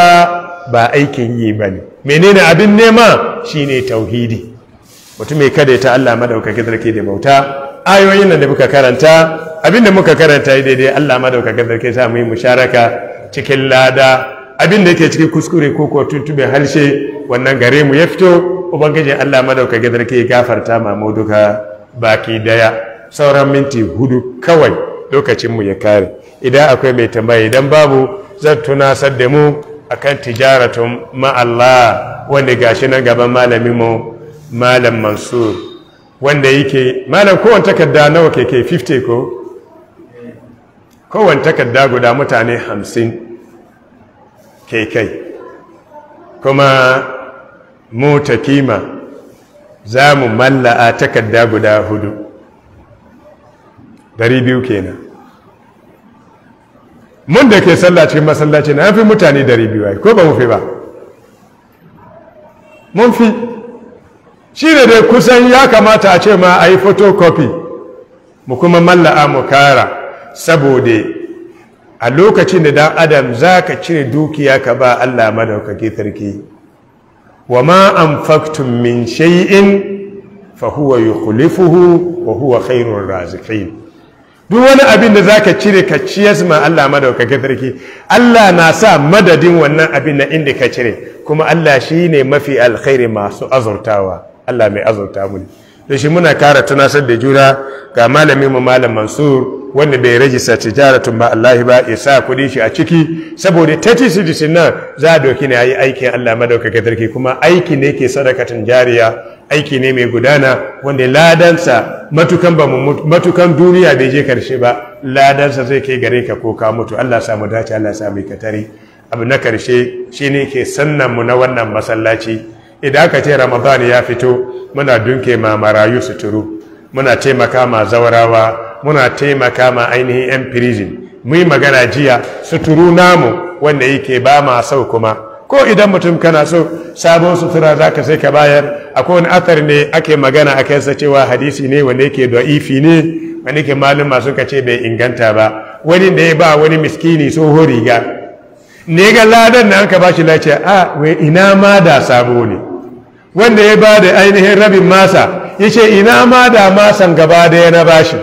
ba aikin yi ba bane menene abin nema shine tauhidi mutum mai kada ta Allah madaukakin sarki da bauta ayoyin nan da muka karanta abin da muka karanta yi daidai Allah madaukakin sarki ke mu yi musharaka cikin lada abin da yake cikin kuskure ko ko tuntube harshe wannan gare mu ya fito ubangiji Allah madaukakin sarki ke gafarta ma duka baki daya sauran minti hudu kawai lokacin mu ya kare idan akwai mai tambaya idan babu zan tunasar da mu akan tijaratun ma Allah wanda gashi nan gaban malamin mu malam Mansur wanda yake malam kowane takarda nawa keke 50 ko kowane takarda guda mutane 50 keke kuma mu kima za mu malla a takarda guda hudu dari biyu kenan mun da ke sallah cikin masallaci na fi mutane dari biyu ko ba mu fi ba mun fi shi dai kusan ya kamata a ce ma a yi photocopy mu kuma malla'a mu kara saboda a lokacin da dan adam zaka cire dukiya ka ba allah madaukaki sarki wa ma an faktun min shay'in fa huwa yukhlifuhu wa huwa khairur raziqin duk wani abin da zaka cire ka ciyas ma Allah madaukakin sarki Allah na sa madadin wannan abin na inda ka cire kuma Allah shine mafi alkhairi masu azurtawa Allah mai azurta mu ne da shi muna kara tunasar da juna ga malami mu malam Mansur wanda bai rajista tijaratun ba Allah ba ya sa kudi shi a ciki saboda TTCDC nan za a doki ne yayi aikin Allah madaukakin sarki kuma aiki ne ke sadakatin jariya aiki ne mai gudana wanda ladansa matukan ba matukan duniya bai je karshe ba ladansa zai kai gare ka ko ka mutu Allah samu dace Allah samu katari abu na karshe shine ke sannan mu na wannan masallaci idan aka ce ramadan ya fito muna dunke ma marayu suturu muna taimaka ma zaurawa muna taimaka ma ainihin 'yan prison muyi magana jiya suturu namu wanda yake ba ma sau kuma ko idan mutum kana so sabon sutura za ka sai ka bayar akwai wani athar ne ake magana a kansa cewa hadisi ne wanda yake ifi ne wanda yake malama ka ce bai inganta ba wani da ya ba wani miskini tsoho riga ne ga ladan da an ka shi lafiya a ah, wai ina ma da sabo ne wanda ya ba da ainihin rabin masa ya ce ina ma da masan gaba daya na bashi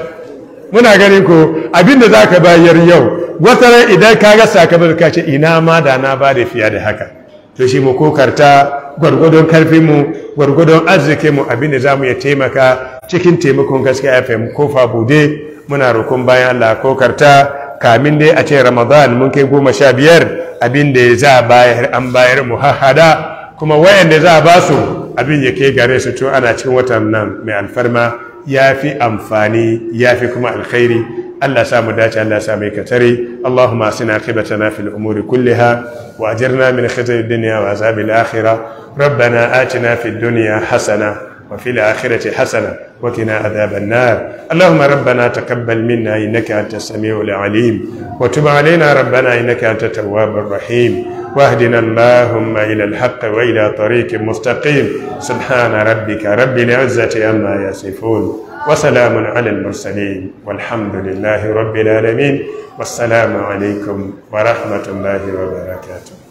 muna ganin ko abinda za ka bayar yau wataran idan ka ga sakamakon ka ce ina ma da na ba da fiye da haka to shi mu kokarta gwargwadon karfinmu gwargwadon arzikinmu abinda za mu ya taimaka cikin taimakon gaskiya fm kofa bude muna rokon bayan allah kokarta kamin dai a ce ramadan mun kai goma sha biyar abinda ya za bayar an bayar mu hahada kuma wayanda za a ba su abin ya kai gare su tun ana cikin watan nan mai alfarma ya fi amfani ya fi kuma alkhairi Allah samu dace Allah samu yi katare Allahumma sina kibatana fil umuri kulliha wa ajirna min khizyi dunya wa azabil akhirah ربنا آتنا في الدنيا حسنه وفي الآخرة حسنة وقنا عذاب النار اللهم ربنا تقبل منا إنك أنت السميع العليم وتب علينا ربنا إنك أنت التواب الرحيم واهدنا اللهم إلى الحق وإلى طريق مستقيم سبحان ربك رب العزة عما يصفون وسلام على المرسلين والحمد لله رب العالمين والسلام عليكم ورحمة الله وبركاته